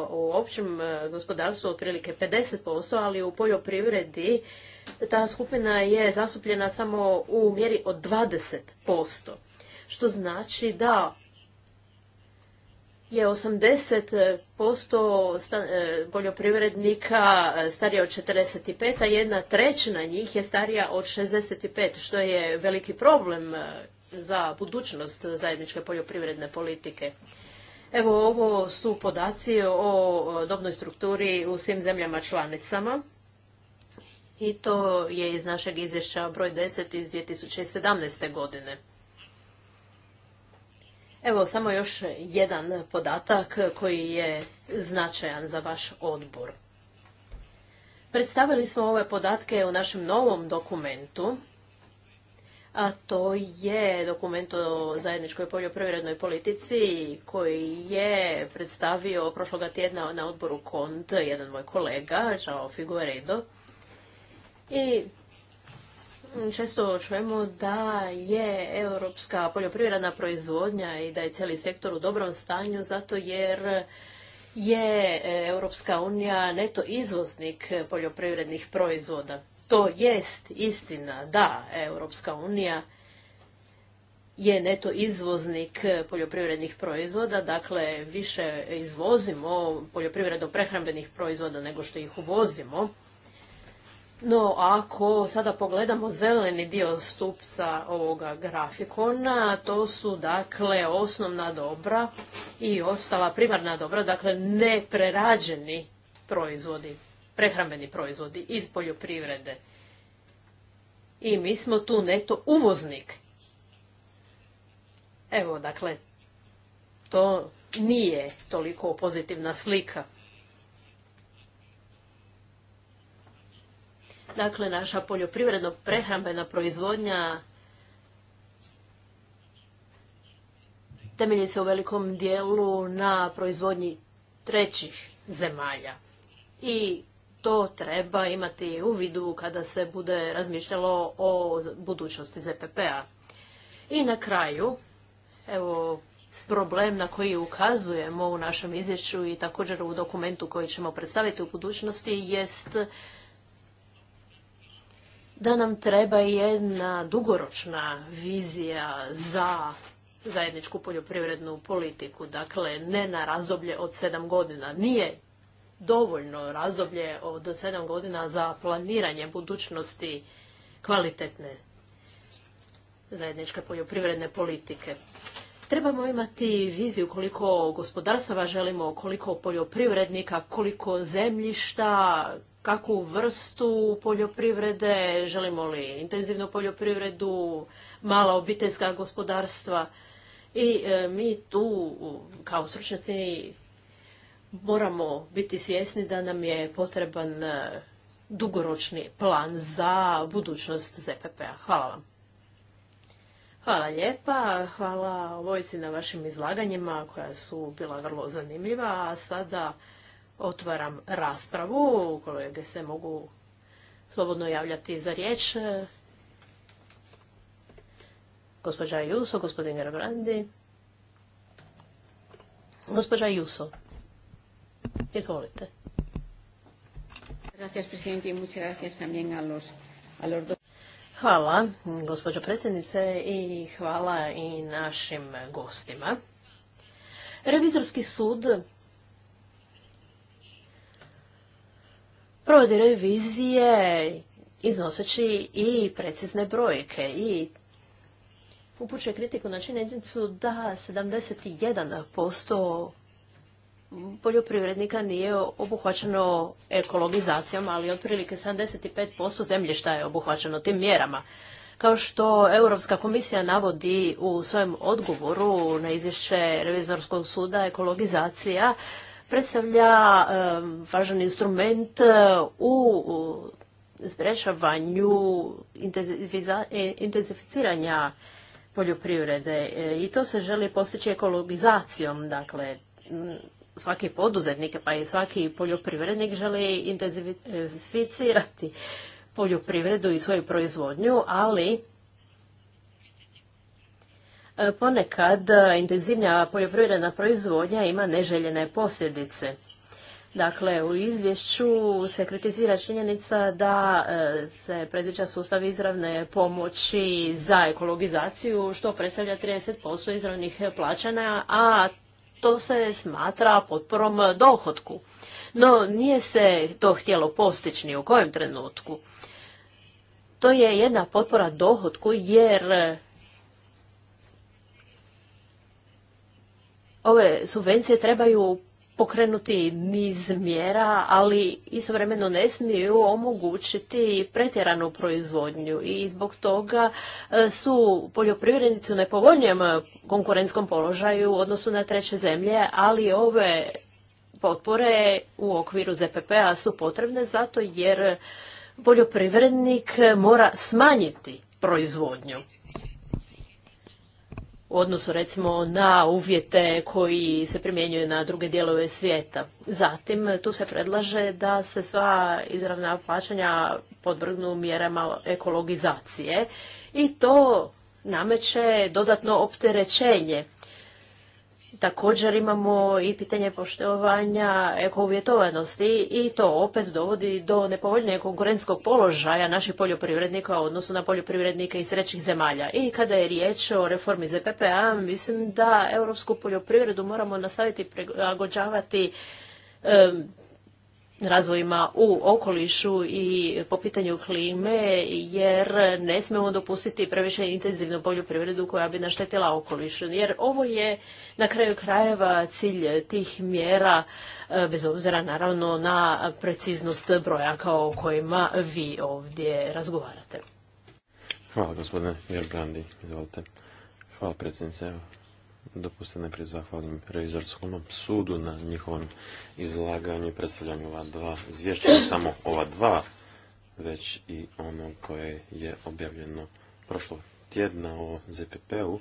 u općem e, gospodarstvu otprilike 50%, ali u poljoprivredi ta skupina je zastupljena samo u mjeri od 20%. Što znači da je 80% e, poljoprivrednika starija od 45, a jedna trećina njih je starija od 65, što je veliki problem e, za budućnost zajedničke poljoprivredne politike. Evo, ovo su podaci o dobnoj strukturi u svim zemljama članicama. I to je iz našeg izvješća broj 10 iz 2017. godine. Evo, samo još jedan podatak koji je značajan za vaš odbor. Predstavili smo ove podatke u našem novom dokumentu a to je dokument o zajedničkoj poljoprivrednoj politici koji je predstavio prošloga tjedna na odboru KONT jedan moj kolega, Žao Figueredo. I često čujemo da je europska poljoprivredna proizvodnja i da je cijeli sektor u dobrom stanju zato jer je Europska unija neto izvoznik poljoprivrednih proizvoda to jest istina da Europska unija je neto izvoznik poljoprivrednih proizvoda, dakle više izvozimo poljoprivredno prehrambenih proizvoda nego što ih uvozimo. No, ako sada pogledamo zeleni dio stupca ovoga grafikona, to su dakle osnovna dobra i ostala primarna dobra, dakle neprerađeni proizvodi prehrambeni proizvodi iz poljoprivrede. I mi smo tu neto uvoznik. Evo, dakle, to nije toliko pozitivna slika. Dakle, naša poljoprivredno prehrambena proizvodnja temelji se u velikom dijelu na proizvodnji trećih zemalja. I treba imati u vidu kada se bude razmišljalo o budućnosti ZPP-a. I na kraju, evo, problem na koji ukazujemo u našem izvješću i također u dokumentu koji ćemo predstaviti u budućnosti jest da nam treba jedna dugoročna vizija za zajedničku poljoprivrednu politiku, dakle ne na razdoblje od sedam godina. Nije dovoljno razdoblje od sedam godina za planiranje budućnosti kvalitetne zajedničke poljoprivredne politike. Trebamo imati viziju koliko gospodarstava želimo, koliko poljoprivrednika, koliko zemljišta, kakvu vrstu poljoprivrede, želimo li intenzivnu poljoprivredu, mala obiteljska gospodarstva. I e, mi tu kao stručnjaci moramo biti svjesni da nam je potreban e, dugoročni plan za budućnost ZPP-a. Hvala vam. Hvala lijepa, hvala ovojci na vašim izlaganjima koja su bila vrlo zanimljiva, a sada otvaram raspravu, kolege se mogu slobodno javljati za riječ. Gospođa Juso, gospodin Juso. Gospođa Juso. Izvolite. Hvala, gospođo predsjednice, i hvala i našim gostima. Revizorski sud provodi revizije iznoseći i precizne brojke i upućuje kritiku na činjenicu da 71% poljoprivrednika nije obuhvaćeno ekologizacijom, ali otprilike 75% zemljišta je obuhvaćeno tim mjerama. Kao što Europska komisija navodi u svojem odgovoru na izvješće Revizorskog suda, ekologizacija predstavlja važan instrument e, u sprečavanju e, intenzificiranja poljoprivrede e, i to se želi postići ekologizacijom, dakle svaki poduzetnik pa i svaki poljoprivrednik želi intenzificirati poljoprivredu i svoju proizvodnju, ali e, ponekad intenzivnija poljoprivredna proizvodnja ima neželjene posljedice. Dakle, u izvješću se kritizira činjenica da e, se predviđa sustav izravne pomoći za ekologizaciju, što predstavlja 30% izravnih plaćanja, a to se smatra potporom dohodku. No nije se to htjelo postići ni u kojem trenutku. To je jedna potpora dohodku jer ove subvencije trebaju pokrenuti niz mjera, ali istovremeno ne smiju omogućiti pretjeranu proizvodnju i zbog toga e, su poljoprivrednici u nepovoljnijem konkurentskom položaju u odnosu na treće zemlje, ali ove potpore u okviru ZPP-a su potrebne zato jer poljoprivrednik mora smanjiti proizvodnju u odnosu recimo na uvjete koji se primjenjuju na druge dijelove svijeta. Zatim tu se predlaže da se sva izravna plaćanja podvrgnu mjerama ekologizacije i to nameće dodatno opterećenje Također imamo i pitanje poštovanja ekouvjetovanosti i to opet dovodi do nepovoljnije konkurentskog položaja naših poljoprivrednika u odnosu na poljoprivrednike iz srećih zemalja. I kada je riječ o reformi ZPPA, mislim da europsku poljoprivredu moramo nastaviti prilagođavati razvojima u okolišu i po pitanju klime, jer ne smemo dopustiti previše intenzivnu poljoprivredu koja bi naštetila okolišu. Jer ovo je na kraju krajeva cilj tih mjera, e, bez obzira naravno na preciznost brojaka o kojima vi ovdje razgovarate. Hvala gospodine izvolite. Hvala predsjednice, Dopustite najprije zahvalim revizorskom sudu na njihovom izlaganju i predstavljanju ova dva izvješća, ne samo ova dva, već i ono koje je objavljeno prošlo tjedna o ZPP-u,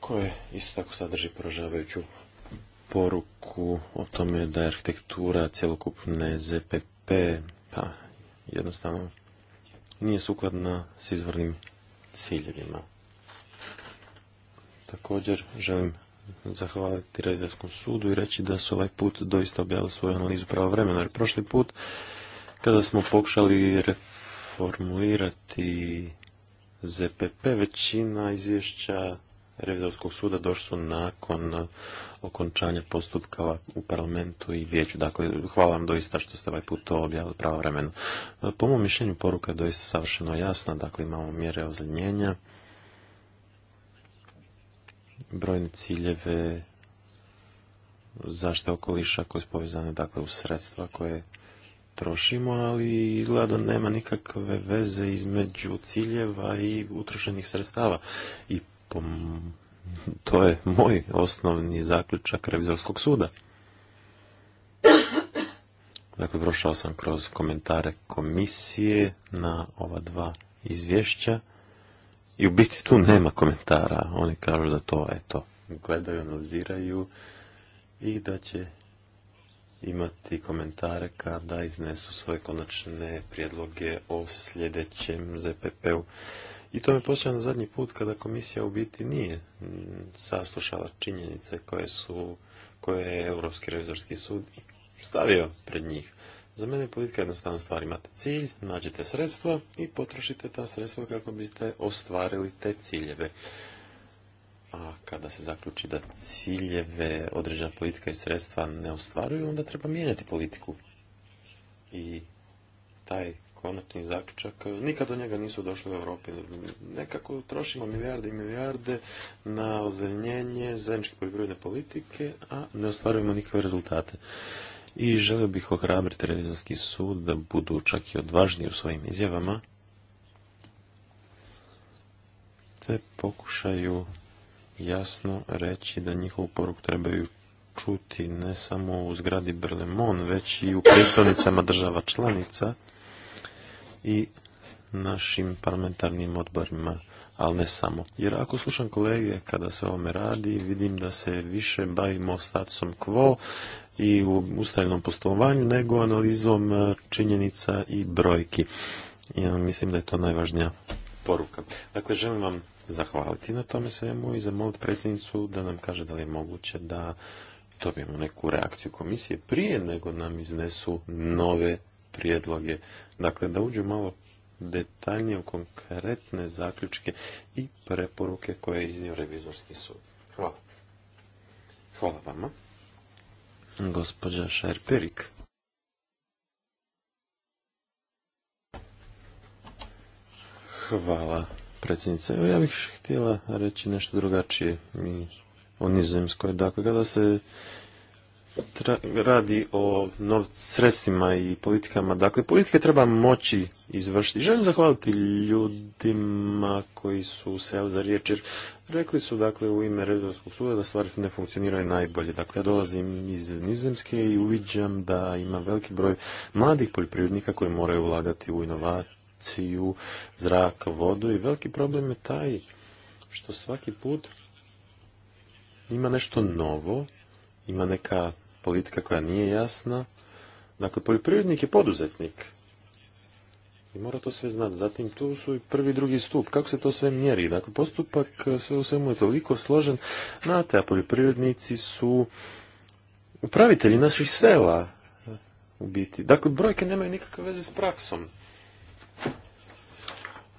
koje isto tako sadrži poražavajuću poruku o tome da je arhitektura cjelokupne ZPP pa jednostavno nije sukladna s izvornim ciljevima. Također želim zahvaliti Revizorskom sudu i reći da su ovaj put doista objavili svoju analizu pravovremeno. Jer prošli put kada smo pokušali reformulirati ZPP, većina izvješća Revizorskog suda došli su nakon okončanja postupka u parlamentu i vijeću. Dakle, hvala vam doista što ste ovaj put to objavili pravovremeno. Po mom mišljenju poruka je doista savršeno jasna. Dakle, imamo mjere ozljenjenja brojne ciljeve zašte okoliša koje su povezane dakle, u sredstva koje trošimo, ali izgleda nema nikakve veze između ciljeva i utrošenih sredstava. I to je moj osnovni zaključak revizorskog suda. Dakle, prošao sam kroz komentare komisije na ova dva izvješća i u biti tu nema komentara. Oni kažu da to, eto, gledaju, analiziraju i da će imati komentare kada iznesu svoje konačne prijedloge o sljedećem ZPP-u. I to me počeo na zadnji put kada komisija u biti nije mm, saslušala činjenice koje su koje je Europski revizorski sud stavio pred njih. Za mene je politika jednostavna stvar. Imate cilj, nađete sredstva i potrošite ta sredstva kako biste ostvarili te ciljeve. A kada se zaključi da ciljeve određena politika i sredstva ne ostvaruju, onda treba mijenjati politiku. I taj konačni zaključak, nikad do njega nisu došli u Europi. Nekako trošimo milijarde i milijarde na ozelenjenje zajedničke poljoprivredne politike, a ne ostvarujemo nikakve rezultate i želio bih ohrabriti revizorski sud da budu čak i odvažniji u svojim izjavama te pokušaju jasno reći da njihovu poruku trebaju čuti ne samo u zgradi Berlemon, već i u predstavnicama država članica i našim parlamentarnim odborima, ali ne samo. Jer ako slušam kolege kada se o ovome radi, vidim da se više bavimo statusom kvo, i u ustavljenom poslovanju, nego analizom e, činjenica i brojki. Ja mislim da je to najvažnija poruka. Dakle, želim vam zahvaliti na tome svemu i zamoliti predsjednicu da nam kaže da li je moguće da dobijemo neku reakciju komisije prije nego nam iznesu nove prijedloge. Dakle, da uđu malo detaljnije u konkretne zaključke i preporuke koje je iznio revizorski sud. Hvala. Hvala vama. Gospođa Šerperik. Hvala, predsjednica. ja bih htjela reći nešto drugačije mi o nizozemskoj. Dakle, kada se radi o sredstvima i politikama. Dakle, politike treba moći izvršiti. Želim zahvaliti ljudima koji su se za riječ, jer rekli su dakle u ime Redovskog suda da stvari ne funkcioniraju najbolje. Dakle, ja dolazim iz Nizemske i uviđam da ima veliki broj mladih poljoprivrednika koji moraju ulagati u inovaciju, zrak, vodu i veliki problem je taj što svaki put ima nešto novo, ima neka politika koja nije jasna. Dakle, poljoprivrednik je poduzetnik. I mora to sve znati. Zatim tu su i prvi i drugi stup. Kako se to sve mjeri? Dakle, postupak e, sve u svemu je toliko složen. Znate, a poljoprivrednici su upravitelji naših sela u biti. Dakle, brojke nemaju nikakve veze s praksom.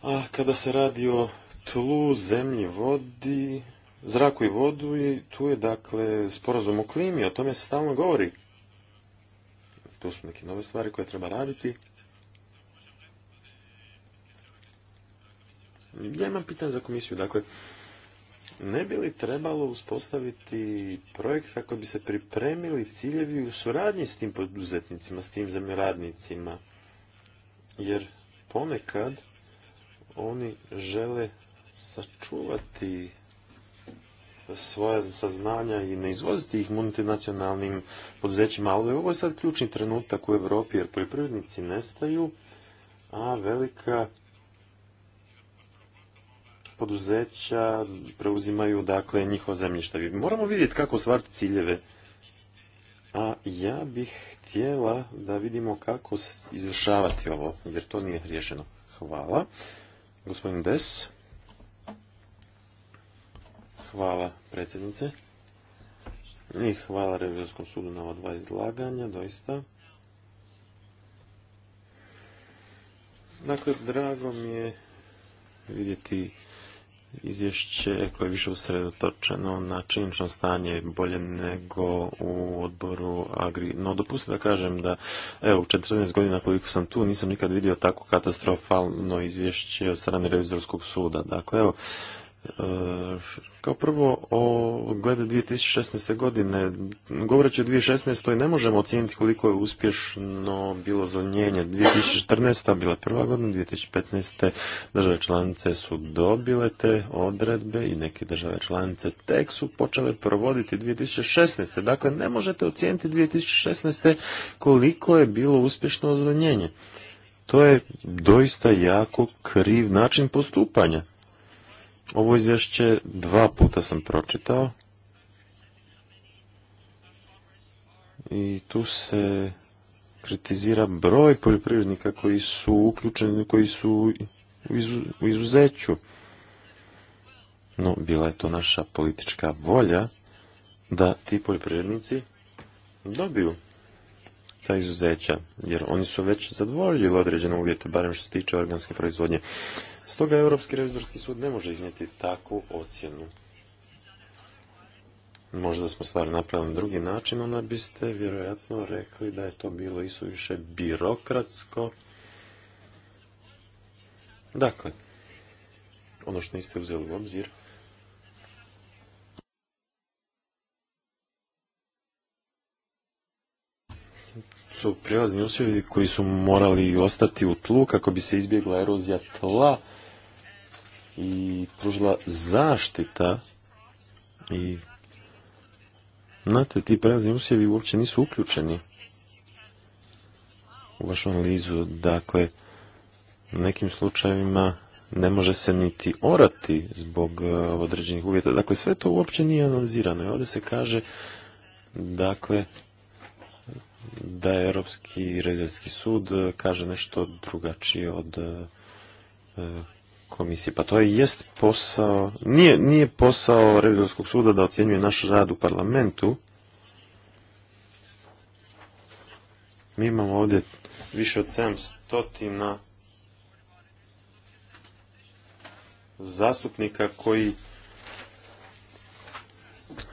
A kada se radi o tlu, zemlji, vodi, zraku i vodu i tu je dakle sporazum o klimi, o tome se stalno govori. Tu su neke nove stvari koje treba raditi. Ja imam pitanje za komisiju, dakle, ne bi li trebalo uspostaviti projekt kako bi se pripremili ciljevi u suradnji s tim poduzetnicima, s tim zemljoradnicima? Jer ponekad oni žele sačuvati svoja saznanja i ne izvoziti ih multinacionalnim poduzećima, ali ovo je sad ključni trenutak u Europi jer poljoprivrednici nestaju, a velika poduzeća preuzimaju dakle njihovo zemljišta. Moramo vidjeti kako stvariti ciljeve. A ja bih htjela da vidimo kako izvršavati ovo, jer to nije riješeno. Hvala. Gospodin Des. Hvala predsjednice. I hvala Revizorskom sudu na ova dva izlaganja, doista. Dakle, drago mi je vidjeti izvješće koje je više usredotočeno na činično stanje bolje nego u odboru Agri. No, dopustite da kažem da, evo, u 14 godina koliko sam tu, nisam nikad vidio tako katastrofalno izvješće od strane Revizorskog suda. Dakle, evo, E, kao prvo, o glede 2016. godine, govoreći o 2016. ne možemo ocijeniti koliko je uspješno bilo zvonjenje. 2014. bila prva godina, 2015. države članice su dobile te odredbe i neke države članice tek su počele provoditi 2016. Dakle, ne možete ocijeniti 2016. koliko je bilo uspješno zvanjenje To je doista jako kriv način postupanja. Ovo izvješće dva puta sam pročitao i tu se kritizira broj poljoprivrednika koji su uključeni, koji su u izuzeću. No, bila je to naša politička volja da ti poljoprivrednici dobiju ta izuzeća, jer oni su već zadovoljili određene uvjete, barem što se tiče organske proizvodnje. Stoga Europski revizorski sud ne može iznijeti takvu ocjenu. Možda smo stvari napravili na drugi način, onda biste vjerojatno rekli da je to bilo suviše birokratsko. Dakle, ono što niste uzeli u obzir, su prijelazni usjevi koji su morali ostati u tlu kako bi se izbjegla erozija tla i pružila zaštita i znate, ti prelazni usjevi uopće nisu uključeni u vašu analizu. Dakle, u nekim slučajevima ne može se niti orati zbog e, određenih uvjeta. Dakle, sve to uopće nije analizirano. I ovdje se kaže, dakle, da je Europski redeljski sud e, kaže nešto drugačije od e, komisije. Pa to je jest posao, nije, nije posao revizorskog suda da ocjenjuje naš rad u parlamentu. Mi imamo ovdje više od 700 zastupnika koji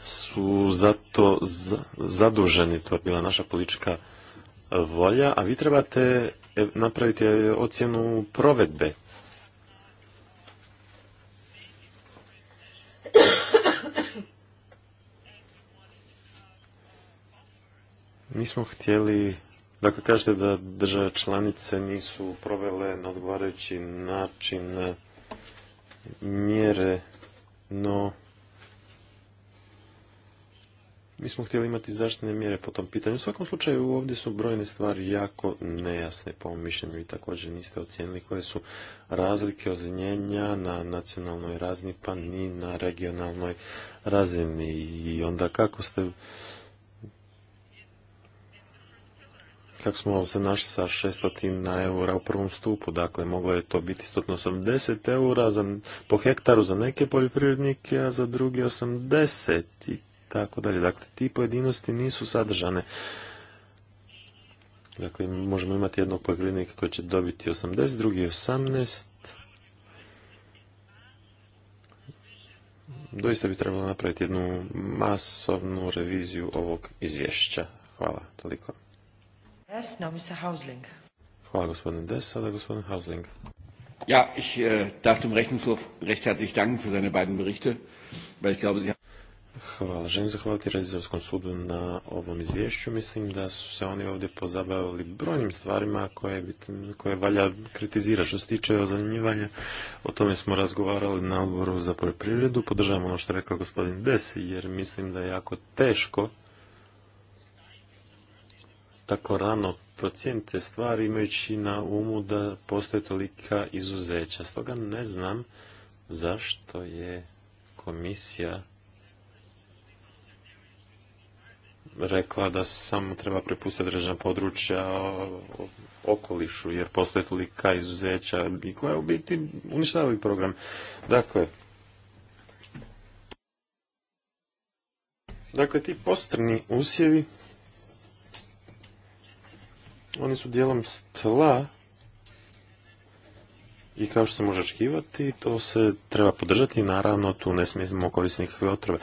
su zato zaduženi, to je bila naša politička volja, a vi trebate e, napraviti e, ocjenu provedbe. Mi smo htjeli, dakle kažete da države članice nisu provele na odgovarajući način mjere, no mi smo htjeli imati zaštitne mjere po tom pitanju. U svakom slučaju ovdje su brojne stvari jako nejasne po ovom mišljenju i također niste ocijenili koje su razlike ozinjenja na nacionalnoj razini pa ni na regionalnoj razini i onda kako ste kako smo se našli sa 600 eura u prvom stupu, dakle moglo je to biti 180 eura za, po hektaru za neke poljoprivrednike, a za druge 80 i tako dalje. Dakle, ti pojedinosti nisu sadržane. Dakle, možemo imati jednog poljoprivrednika koji će dobiti 80, drugi 18. Doista bi trebalo napraviti jednu masovnu reviziju ovog izvješća. Hvala, toliko. Hausling. Hvala gospodin Des, sada gospodin Hausling. Ja, ich äh, darf dem Rechnungshof recht herzlich danken für seine beiden Berichte, weil ich glaube, Sie Hvala. Želim zahvaliti Revizorskom sudu na ovom izvješću. Mislim da su se oni ovdje pozabavili brojnim stvarima koje, koje valja kritizira Što se tiče ozanjivanja, o tome smo razgovarali na odboru za poljoprivredu. Podržavamo ono što je rekao gospodin Desi, jer mislim da je jako teško tako rano procijenite stvari imajući na umu da postoje tolika izuzeća. Stoga ne znam zašto je komisija rekla da samo treba prepustiti određena područja okolišu, jer postoje tolika izuzeća i koja u biti uništavaju program. Dakle, dakle ti postrni usjevi oni su dijelom stla i kao što se može očekivati, to se treba podržati naravno tu ne smijemo koristiti nikakve otrove.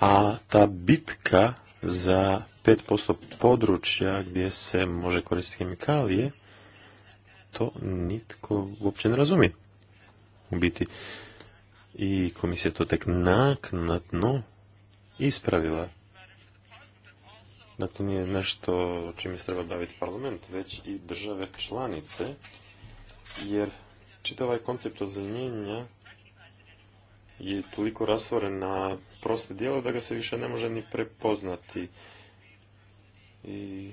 A ta bitka za 5% područja gdje se može koristiti kemikalije, to nitko uopće ne razumije. U biti i komisija to tek naknadno ispravila. Dakle, nije nešto čime se treba baviti parlament, već i države članice, jer čitavaj ovaj koncept ozemljenja je toliko rasvoren na proste dijelo da ga se više ne može ni prepoznati. I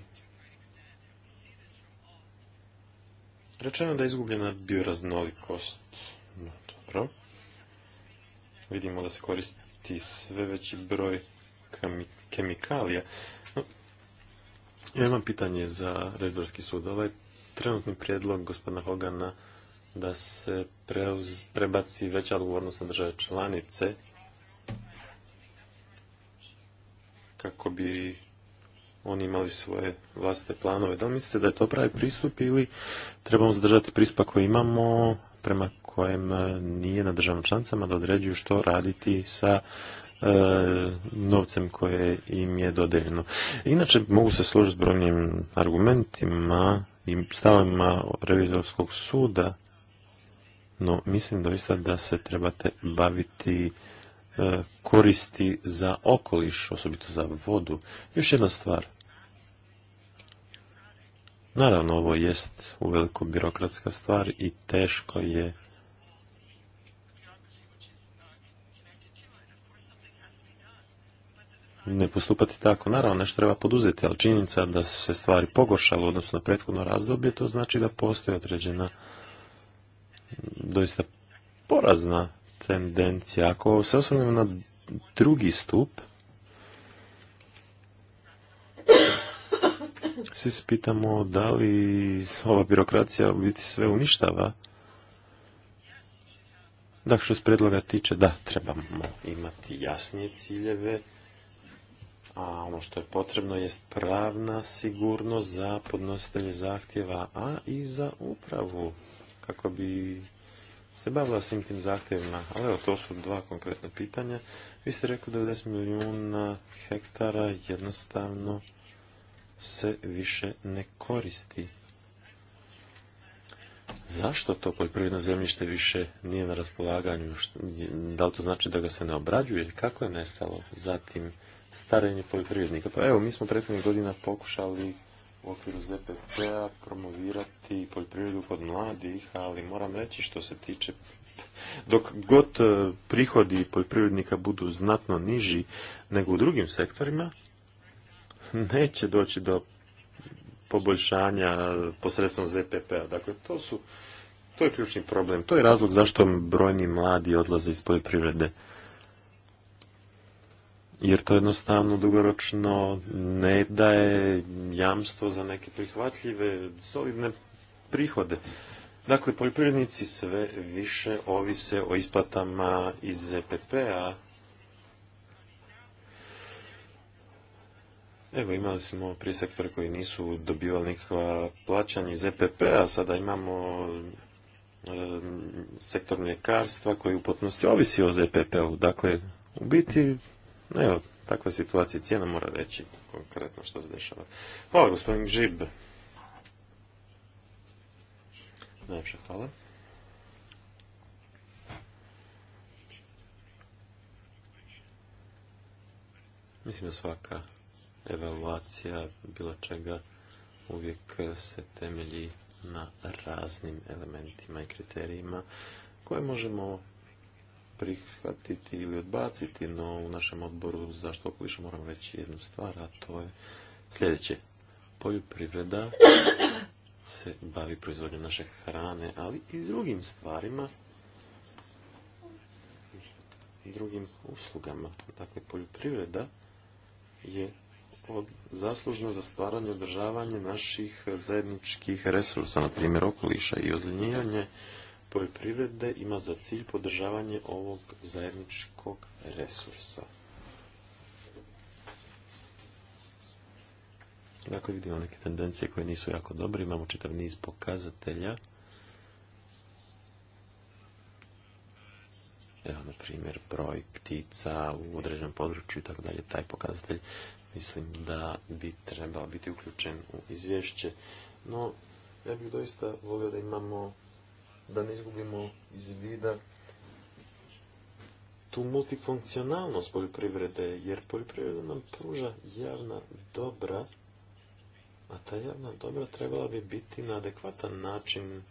Rečeno da je izgubljena bioraznolikost. No, dobro. Vidimo da se koristi sve veći broj kemikalija. Ja imam pitanje za rezorski sud. Ovaj trenutni prijedlog gospodina Hogana da se prebaci veća odgovornost na države članice kako bi oni imali svoje vlastite planove. Da li mislite da je to pravi pristup ili trebamo zadržati pristupa koji imamo prema kojem eh, nije na državnom članicama da određuju što raditi sa E, novcem koje im je dodeljeno. Inače, mogu se složiti s brojnim argumentima i stavima revizorskog suda, no mislim doista da se trebate baviti e, koristi za okoliš, osobito za vodu. Još jedna stvar. Naravno, ovo jest uveliko birokratska stvar i teško je ne postupati tako. Naravno, nešto treba poduzeti, ali činjenica da se stvari pogoršalo odnosno na prethodno razdoblje, to znači da postoji određena doista porazna tendencija. Ako se osvrnemo na drugi stup, svi se pitamo da li ova birokracija u biti sve uništava. Dakle, što se predloga tiče, da, trebamo imati jasnije ciljeve, a ono što je potrebno jest pravna sigurnost za podnositelje zahtjeva, a i za upravu, kako bi se bavila svim tim zahtjevima. Ali evo, to su dva konkretna pitanja. Vi ste rekli da 90 milijuna hektara jednostavno se više ne koristi. Zašto to poljoprivredno zemljište više nije na raspolaganju? Da li to znači da ga se ne obrađuje? Kako je nestalo? Zatim, starenje poljoprivrednika. Pa evo, mi smo prethodnih godina pokušali u okviru ZPP-a promovirati poljoprivredu kod mladih, ali moram reći što se tiče dok god e, prihodi poljoprivrednika budu znatno niži nego u drugim sektorima, neće doći do poboljšanja posredstvom ZPP-a. Dakle, to su to je ključni problem. To je razlog zašto brojni mladi odlaze iz poljoprivrede jer to jednostavno dugoročno ne daje jamstvo za neke prihvatljive, solidne prihode. Dakle, poljoprivrednici sve više ovise o isplatama iz ZPP-a. E Evo, imali smo prije sektore koji nisu dobivali nikakva plaćanja iz ZPP-a, e sada imamo sektor mljekarstva koji u potpunosti ovisi o ZPP-u. Dakle, u biti no evo, takva situacija. Cijena mora reći konkretno što se dešava. Hvala gospodin Žib. hvala. Mislim da svaka evaluacija bilo čega uvijek se temelji na raznim elementima i kriterijima koje možemo prihvatiti ili odbaciti, no u našem odboru zašto okoliša moram reći jednu stvar, a to je sljedeće. Poljoprivreda se bavi proizvodnjom naše hrane, ali i drugim stvarima, i drugim uslugama. Dakle, poljoprivreda je od, zaslužna za stvaranje i održavanje naših zajedničkih resursa, na primjer okoliša i ozljenjivanje poljoprivrede ima za cilj podržavanje ovog zajedničkog resursa. Dakle, vidimo neke tendencije koje nisu jako dobre, imamo čitav niz pokazatelja. Evo, na primjer, broj ptica u određenom području i tako dalje, taj pokazatelj mislim da bi trebao biti uključen u izvješće. No, ja bih doista volio da imamo da ne izgubimo iz vida tu multifunkcionalnost poljoprivrede, jer poljoprivreda nam pruža javna dobra, a ta javna dobra trebala bi biti na adekvatan način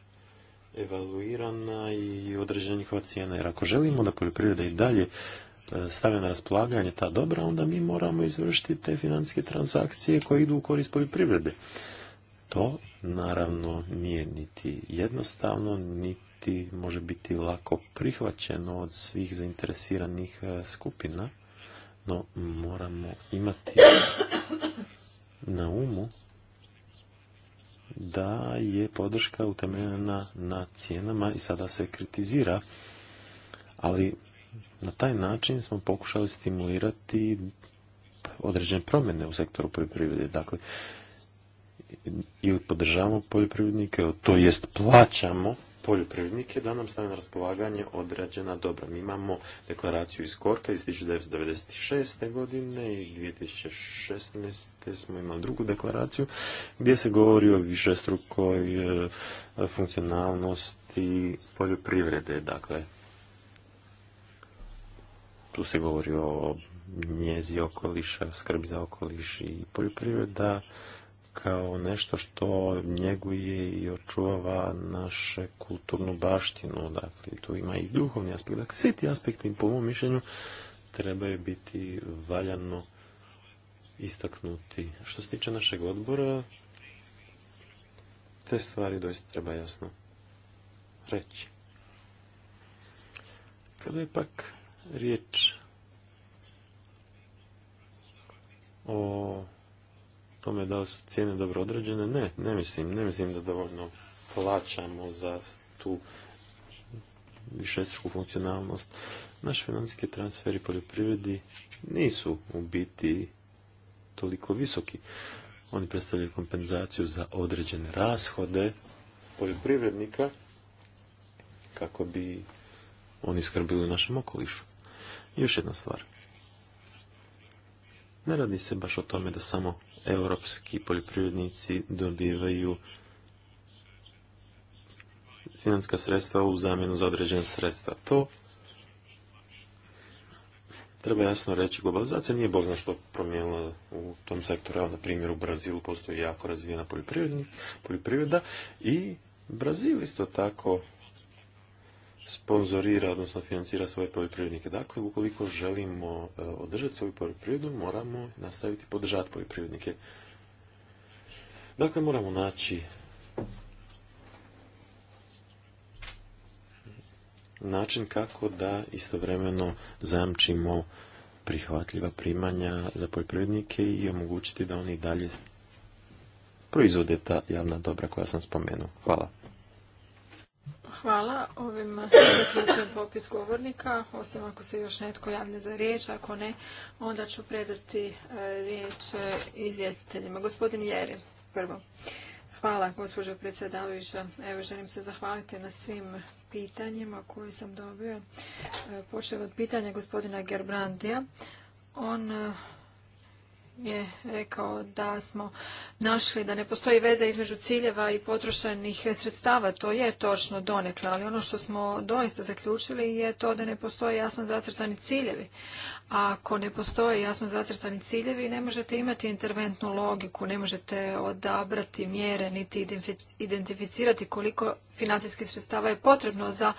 evaluirana i određena njihova cijena. Jer ako želimo da poljoprivreda i dalje e, stave na raspolaganje ta dobra, onda mi moramo izvršiti te financijske transakcije koje idu u korist poljoprivrede. To naravno nije niti jednostavno, niti može biti lako prihvaćeno od svih zainteresiranih e, skupina, no moramo imati na umu da je podrška utemeljena na cijenama i sada se kritizira, ali na taj način smo pokušali stimulirati određene promjene u sektoru poljoprivrede. Dakle, ili podržavamo poljoprivrednike, to jest plaćamo poljoprivrednike da nam stane na raspolaganje određena dobra. Mi imamo deklaraciju iz Korka iz 1996. godine i 2016. smo imali drugu deklaraciju gdje se govori o višestrukoj e, funkcionalnosti poljoprivrede. Dakle, tu se govori o njezi okoliša, skrbi za okoliš i poljoprivreda kao nešto što njeguje i očuva naše kulturnu baštinu. Dakle, tu ima i duhovni aspekt. Dakle, svi ti aspekti, po mom mišljenju, trebaju biti valjano istaknuti. Što se tiče našeg odbora, te stvari doista treba jasno reći. Kada je pak riječ o tome da li su cijene dobro određene. Ne, ne mislim. Ne mislim da dovoljno plaćamo za tu višestruku funkcionalnost. Naši financijski transferi poljoprivredi nisu u biti toliko visoki. Oni predstavljaju kompenzaciju za određene rashode poljoprivrednika kako bi oni skrbili u našem okolišu. I još jedna stvar. Ne radi se baš o tome da samo europski poljoprivrednici dobivaju financijska sredstva u zamjenu za određena sredstva. To treba jasno reći, globalizacija nije bog zna što promijenila u tom sektoru. Evo, na primjer, u Brazilu postoji jako razvijena poljoprivreda i Brazil isto tako sponzorira, odnosno financira svoje poljoprivrednike. Dakle, ukoliko želimo e, održati svoju poljoprivredu, moramo nastaviti podržati poljoprivrednike. Dakle, moramo naći način kako da istovremeno zamčimo prihvatljiva primanja za poljoprivrednike i omogućiti da oni dalje proizvode ta javna dobra koja sam spomenuo. Hvala. Hvala. Ovim zaključujem popis govornika, osim ako se još netko javlja za riječ. Ako ne, onda ću predati e, riječ e, izvjestiteljima. Gospodin Jeri, prvo. Hvala, gospođo predsjedavajuća. Evo, želim se zahvaliti na svim pitanjima koje sam dobio. E, Počeo od pitanja gospodina Gerbrandija. On je rekao da smo našli da ne postoji veza između ciljeva i potrošenih sredstava. To je točno donekle, ali ono što smo doista zaključili je to da ne postoje jasno zacrtani ciljevi. ako ne postoje jasno zacrtani ciljevi, ne možete imati interventnu logiku, ne možete odabrati mjere, niti identificirati koliko financijskih sredstava je potrebno za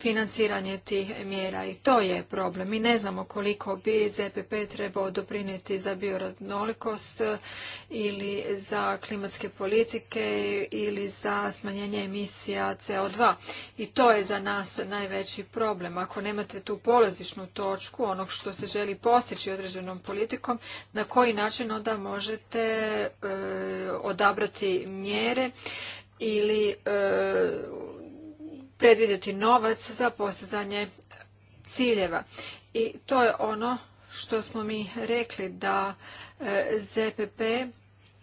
financiranje tih mjera. I to je problem. Mi ne znamo koliko bi ZPP trebao doprinijeti za bioraz raznolikost e, ili za klimatske politike ili za smanjenje emisija CO2. I to je za nas najveći problem. Ako nemate tu polazišnu točku onog što se želi postići određenom politikom, na koji način onda možete e, odabrati mjere ili e, predvidjeti novac za postizanje ciljeva. I to je ono što smo mi rekli da e, ZPP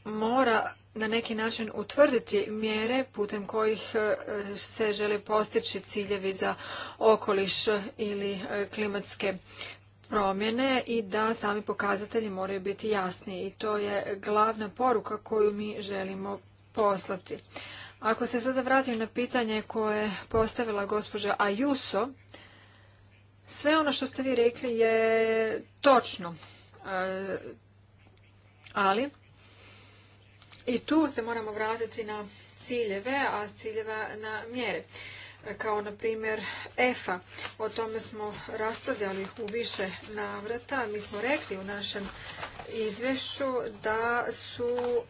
mora na neki način utvrditi mjere putem kojih e, se žele postići ciljevi za okoliš ili e, klimatske promjene i da sami pokazatelji moraju biti jasni i to je glavna poruka koju mi želimo poslati. Ako se sada vratim na pitanje koje je postavila gospođa Ajuso, sve ono što ste vi rekli je točno, e, ali i tu se moramo vratiti na ciljeve, a ciljeva na mjere kao na primjer EFA. O tome smo raspravljali u više navrata. Mi smo rekli u našem izvješću da su e,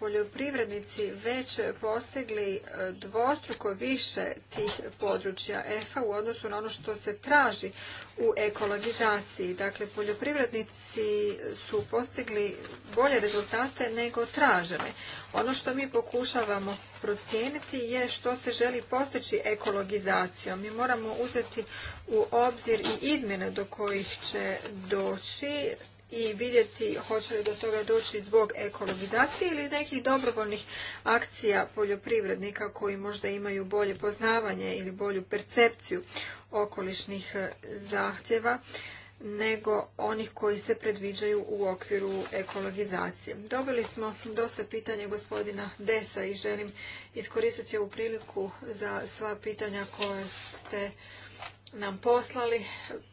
poljoprivrednici već postigli e, dvostruko više tih područja EFA u odnosu na ono što se traži u ekologizaciji. Dakle, poljoprivrednici su postigli bolje rezultate nego tražene. Ono što mi pokušavamo procijeniti je što se želi postići ekologizacijom. Mi moramo uzeti u obzir i izmjene do kojih će doći i vidjeti hoće li do toga doći zbog ekologizacije ili nekih dobrovoljnih akcija poljoprivrednika koji možda imaju bolje poznavanje ili bolju percepciju okolišnih e, zahtjeva nego onih koji se predviđaju u okviru ekologizacije. Dobili smo dosta pitanja gospodina Desa i želim iskoristiti ovu priliku za sva pitanja koje ste nam poslali.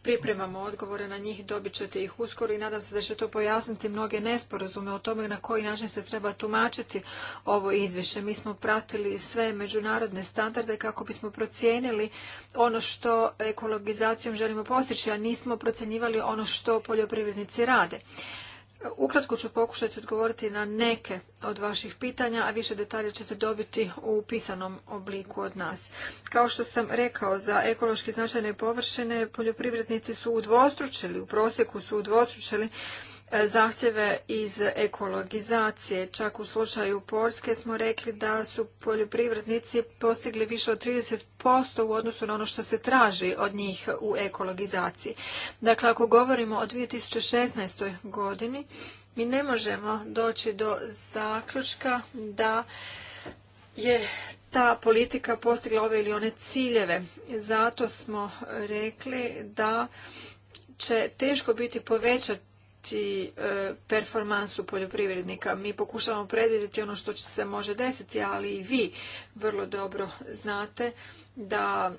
Pripremamo odgovore na njih, dobit ćete ih uskoro i nadam se da će to pojasniti mnoge nesporazume o tome na koji način se treba tumačiti ovo izvješće. Mi smo pratili sve međunarodne standarde kako bismo procijenili ono što ekologizacijom želimo postići, a nismo procjenjivali ono što poljoprivrednici rade. Ukratko ću pokušati odgovoriti na neke od vaših pitanja, a više detalja ćete dobiti u pisanom obliku od nas. Kao što sam rekao, za ekološki značajne površine poljoprivrednici su udvostručili, u prosjeku su udvostručili E, zahtjeve iz ekologizacije. Čak u slučaju porske smo rekli da su poljoprivrednici postigli više od 30% u odnosu na ono što se traži od njih u ekologizaciji. Dakle, ako govorimo o 2016. godini, mi ne možemo doći do zaključka da je ta politika postigla ove ili one ciljeve. Zato smo rekli da će teško biti povećati predvidjeti znači, e, performansu poljoprivrednika. Mi pokušavamo predvidjeti ono što se može desiti, ali i vi vrlo dobro znate da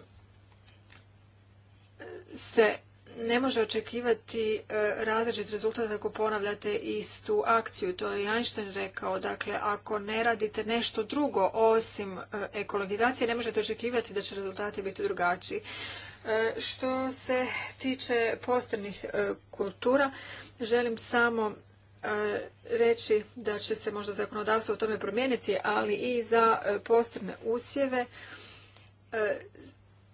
se ne može očekivati e, različit rezultat ako ponavljate istu akciju. To je Einstein rekao. Dakle, ako ne radite nešto drugo osim e, ekologizacije, ne možete očekivati da će rezultati biti drugačiji. Što se tiče postrnih kultura, Želim samo e, reći da će se možda zakonodavstvo u tome promijeniti, ali i za e, postupne usjeve e,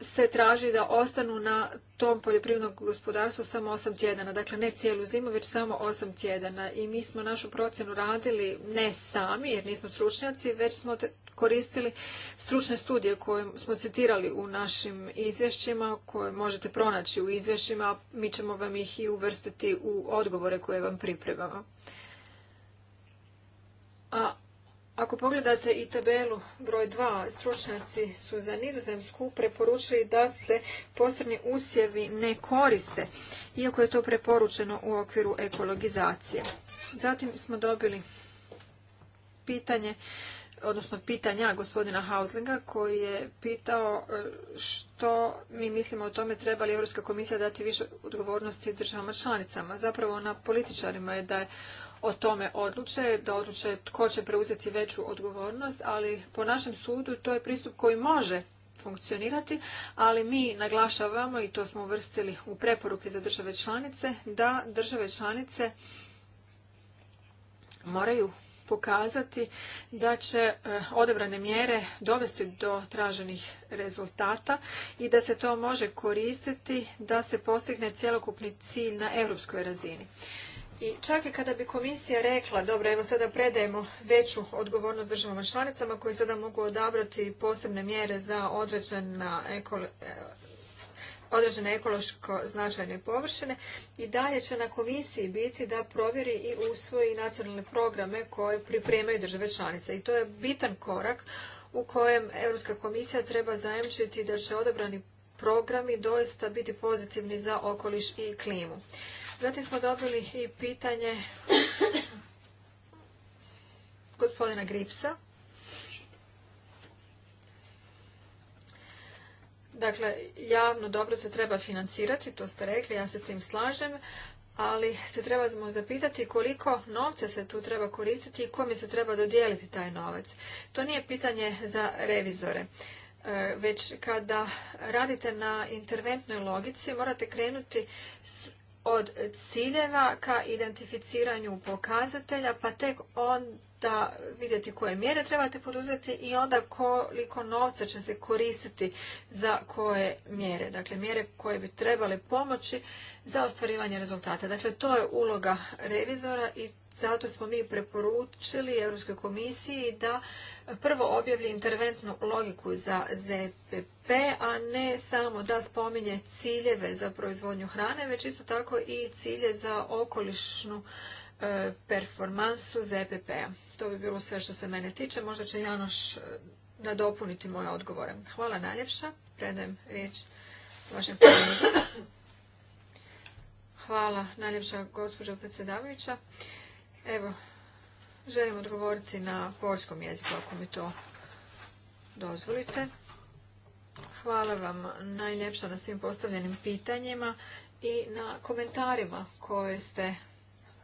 se traži da ostanu na tom poljoprivrednom gospodarstva samo osam tjedana. Dakle, ne cijelu zimu, već samo 8 tjedana. I mi smo našu procjenu radili ne sami, jer nismo stručnjaci, već smo koristili stručne studije koje smo citirali u našim izvješćima, koje možete pronaći u izvješćima, a mi ćemo vam ih i uvrstiti u odgovore koje vam pripremamo. A ako pogledate i tabelu broj 2, stručnjaci su za nizozemsku preporučili da se posredni usjevi ne koriste, iako je to preporučeno u okviru ekologizacije. Zatim smo dobili pitanje, odnosno pitanja gospodina Hauslinga koji je pitao e, što mi mislimo o tome treba li Europska komisija dati više odgovornosti državama članicama. Zapravo na političarima je da o tome odluče, da odluče tko će preuzeti veću odgovornost, ali po našem sudu to je pristup koji može funkcionirati, ali mi naglašavamo i to smo uvrstili u preporuke za države članice, da države članice moraju pokazati da će e, odebrane mjere dovesti do traženih rezultata i da se to može koristiti da se postigne cjelokupni cilj na europskoj razini. I čak i kada bi komisija rekla, dobro, evo sada predajemo veću odgovornost državama članicama koji sada mogu odabrati posebne mjere za e, određene ekološko značajne površine i dalje će na komisiji biti da provjeri i usvoji nacionalne programe koje pripremaju države članice. I to je bitan korak u kojem Europska komisija treba zajemčiti da će odabrani programi doista biti pozitivni za okoliš i klimu. Zatim smo dobili i pitanje gospodina Gripsa. Dakle, javno dobro se treba financirati, to ste rekli, ja se s tim slažem, ali se trebamo zapitati koliko novca se tu treba koristiti i kome se treba dodijeliti taj novac. To nije pitanje za revizore. E, već kada radite na interventnoj logici morate krenuti s od ciljeva ka identificiranju pokazatelja, pa tek onda vidjeti koje mjere trebate poduzeti i onda koliko novca će se koristiti za koje mjere. Dakle, mjere koje bi trebale pomoći za ostvarivanje rezultata. Dakle, to je uloga revizora i zato smo mi preporučili Europskoj komisiji da prvo objavlji interventnu logiku za ZPP, a ne samo da spominje ciljeve za proizvodnju hrane, već isto tako i cilje za okolišnu e, performansu ZPP-a. To bi bilo sve što se mene tiče. Možda će Janoš e, nadopuniti moje odgovore. Hvala najljepša. Predajem riječ vašem kolegu. Hvala najljepša gospođo predsjedavajuća. Evo, želim odgovoriti na poljskom jeziku, ako mi to dozvolite. Hvala vam najljepša na svim postavljenim pitanjima i na komentarima koje ste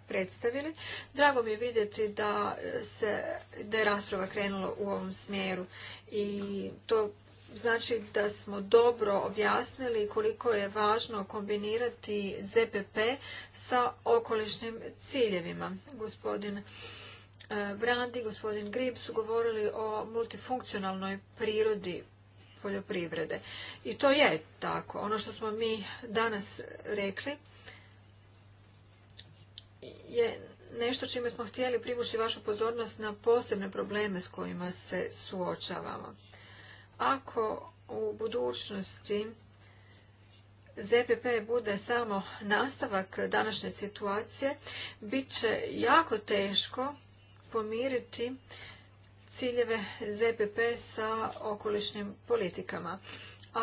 predstavili. Drago mi je vidjeti da, se, da je rasprava krenula u ovom smjeru i to znači da smo dobro objasnili koliko je važno kombinirati ZPP sa okolišnim ciljevima. Gospodin e, Brandi, gospodin Grib su govorili o multifunkcionalnoj prirodi poljoprivrede. I to je tako. Ono što smo mi danas rekli je nešto čime smo htjeli privući vašu pozornost na posebne probleme s kojima se suočavamo. Ako u budućnosti ZPP bude samo nastavak današnje situacije, bit će jako teško pomiriti ciljeve ZPP sa okolišnim politikama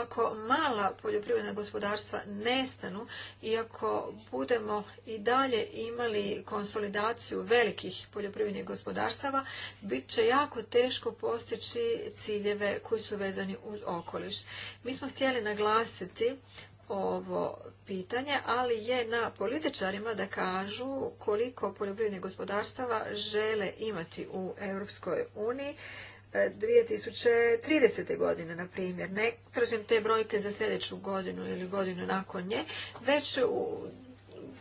ako mala poljoprivredna gospodarstva nestanu i ako budemo i dalje imali konsolidaciju velikih poljoprivrednih gospodarstava, bit će jako teško postići ciljeve koji su vezani uz okoliš. Mi smo htjeli naglasiti ovo pitanje, ali je na političarima da kažu koliko poljoprivrednih gospodarstava žele imati u Europskoj uniji 2030. godine, na primjer. Ne tražim te brojke za sljedeću godinu ili godinu nakon nje, već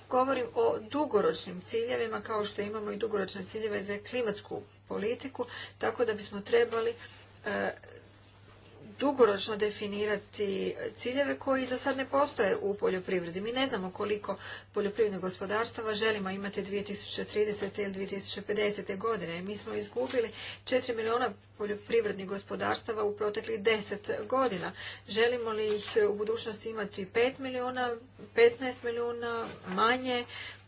govorim o dugoročnim ciljevima, kao što imamo i dugoročne ciljeve za klimatsku politiku, tako da bismo trebali e, dugoročno definirati ciljeve koji za sad ne postoje u poljoprivredi. Mi ne znamo koliko poljoprivrednih gospodarstava želimo imati 2030. ili 2050. godine. Mi smo izgubili 4 miliona poljoprivrednih gospodarstava u proteklih 10 godina. Želimo li ih u budućnosti imati 5 miliona, 15 milijuna manje?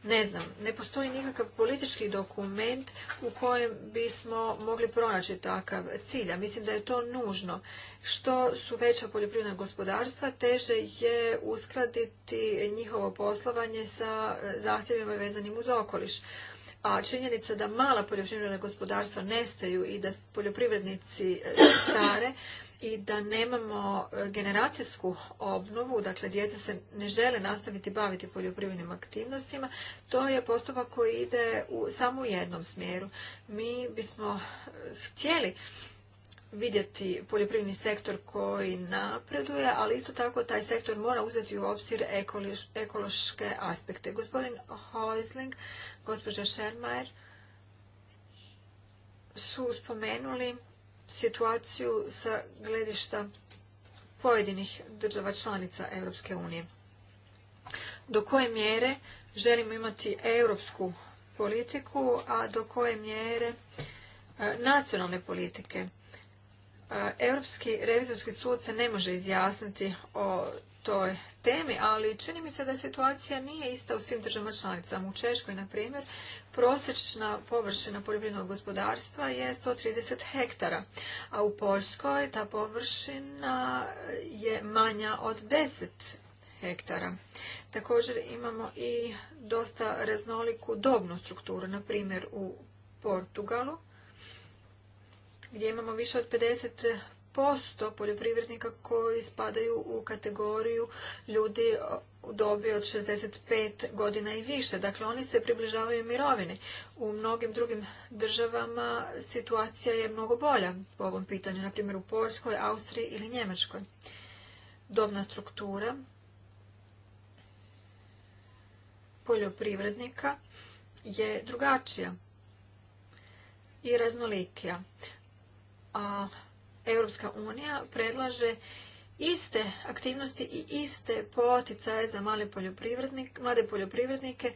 Ne znam, ne postoji nikakav politički dokument u kojem bismo mogli pronaći takav cilj, a mislim da je to nužno. Što su veća poljoprivredna gospodarstva, teže je uskladiti njihovo poslovanje sa eh, zahtjevima vezanim uz okoliš. A činjenica da mala poljoprivredna gospodarstva nestaju i da poljoprivrednici eh, stare, i da nemamo e, generacijsku obnovu, dakle djeca se ne žele nastaviti baviti poljoprivrednim aktivnostima, to je postupak koji ide u, samo u jednom smjeru. Mi bismo e, htjeli vidjeti poljoprivredni sektor koji napreduje, ali isto tako taj sektor mora uzeti u obzir ekološke aspekte. Gospodin Heusling, gospođa Šermajer su spomenuli situaciju sa gledišta pojedinih država članica Europske unije. Do koje mjere želimo imati europsku politiku, a do koje mjere e, nacionalne politike. E, Europski revizorski sud se ne može izjasniti o toj temi, ali čini mi se da situacija nije ista u svim državama članicama. U Češkoj, na primjer, Prosječna površina poljoprivrednog gospodarstva je 130 hektara, a u Poljskoj ta površina je manja od 10 hektara. Također imamo i dosta raznoliku dobnu strukturu, na primjer u Portugalu, gdje imamo više od 50 posto poljoprivrednika koji spadaju u kategoriju ljudi u dobi od 65 godina i više. Dakle, oni se približavaju mirovini. U mnogim drugim državama situacija je mnogo bolja po ovom pitanju, na primjer u Poljskoj, Austriji ili Njemačkoj. Dobna struktura poljoprivrednika je drugačija i raznolikija. A Europska unija predlaže iste aktivnosti i iste poticaje za male poljoprivrednik, mlade poljoprivrednike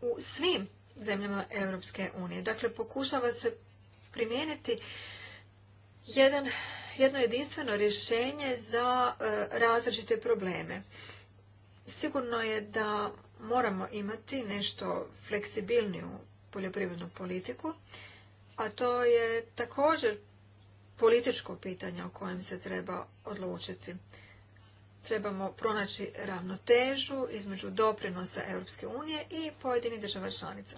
u svim zemljama Europske unije. Dakle, pokušava se primijeniti jedno jedinstveno rješenje za e, različite probleme. Sigurno je da moramo imati nešto fleksibilniju poljoprivrednu politiku, a to je također političko pitanje o kojem se treba odlučiti. Trebamo pronaći ravnotežu između doprinosa Europske unije i pojedinih država članica.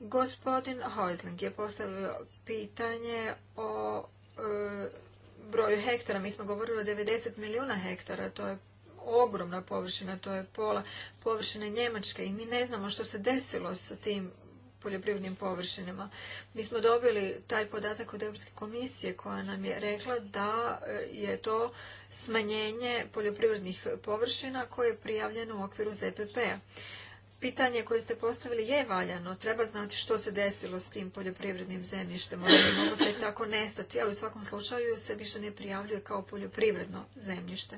Gospodin Hojzling je postavio pitanje o e, broju hektara. Mi smo govorili o 90 milijuna hektara, to je ogromna površina, to je pola površine Njemačke i mi ne znamo što se desilo sa tim poljoprivrednim površinama. Mi smo dobili taj podatak od Europske komisije koja nam je rekla da e, je to smanjenje poljoprivrednih površina koje je prijavljeno u okviru ZPP-a. Pitanje koje ste postavili je valjano. Treba znati što se desilo s tim poljoprivrednim zemljištem. Ono je mogo tek tako nestati, ali u svakom slučaju se više ne prijavljuje kao poljoprivredno zemljište.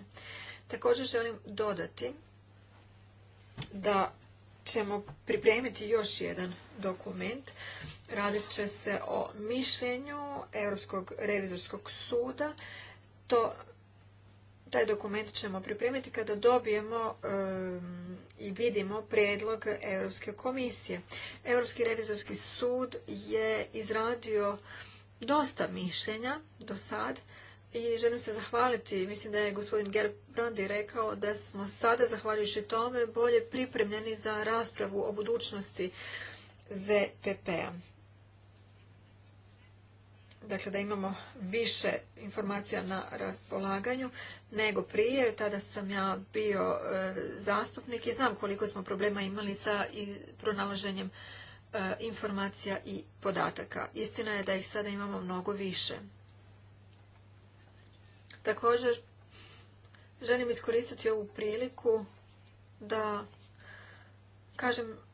Također želim dodati da ćemo pripremiti još jedan dokument. Radit će se o mišljenju Europskog revizorskog suda. To, taj dokument ćemo pripremiti kada dobijemo i vidimo prijedlog Europske komisije. Europski revizorski sud je izradio dosta mišljenja do sad i želim se zahvaliti. Mislim da je gospodin Brandi rekao da smo sada, zahvaljujući tome, bolje pripremljeni za raspravu o budućnosti ZPP-a. Dakle, da imamo više informacija na raspolaganju nego prije. Tada sam ja bio e, zastupnik i znam koliko smo problema imali sa i pronalaženjem e, informacija i podataka. Istina je da ih sada imamo mnogo više. Također želim iskoristiti ovu priliku da kažem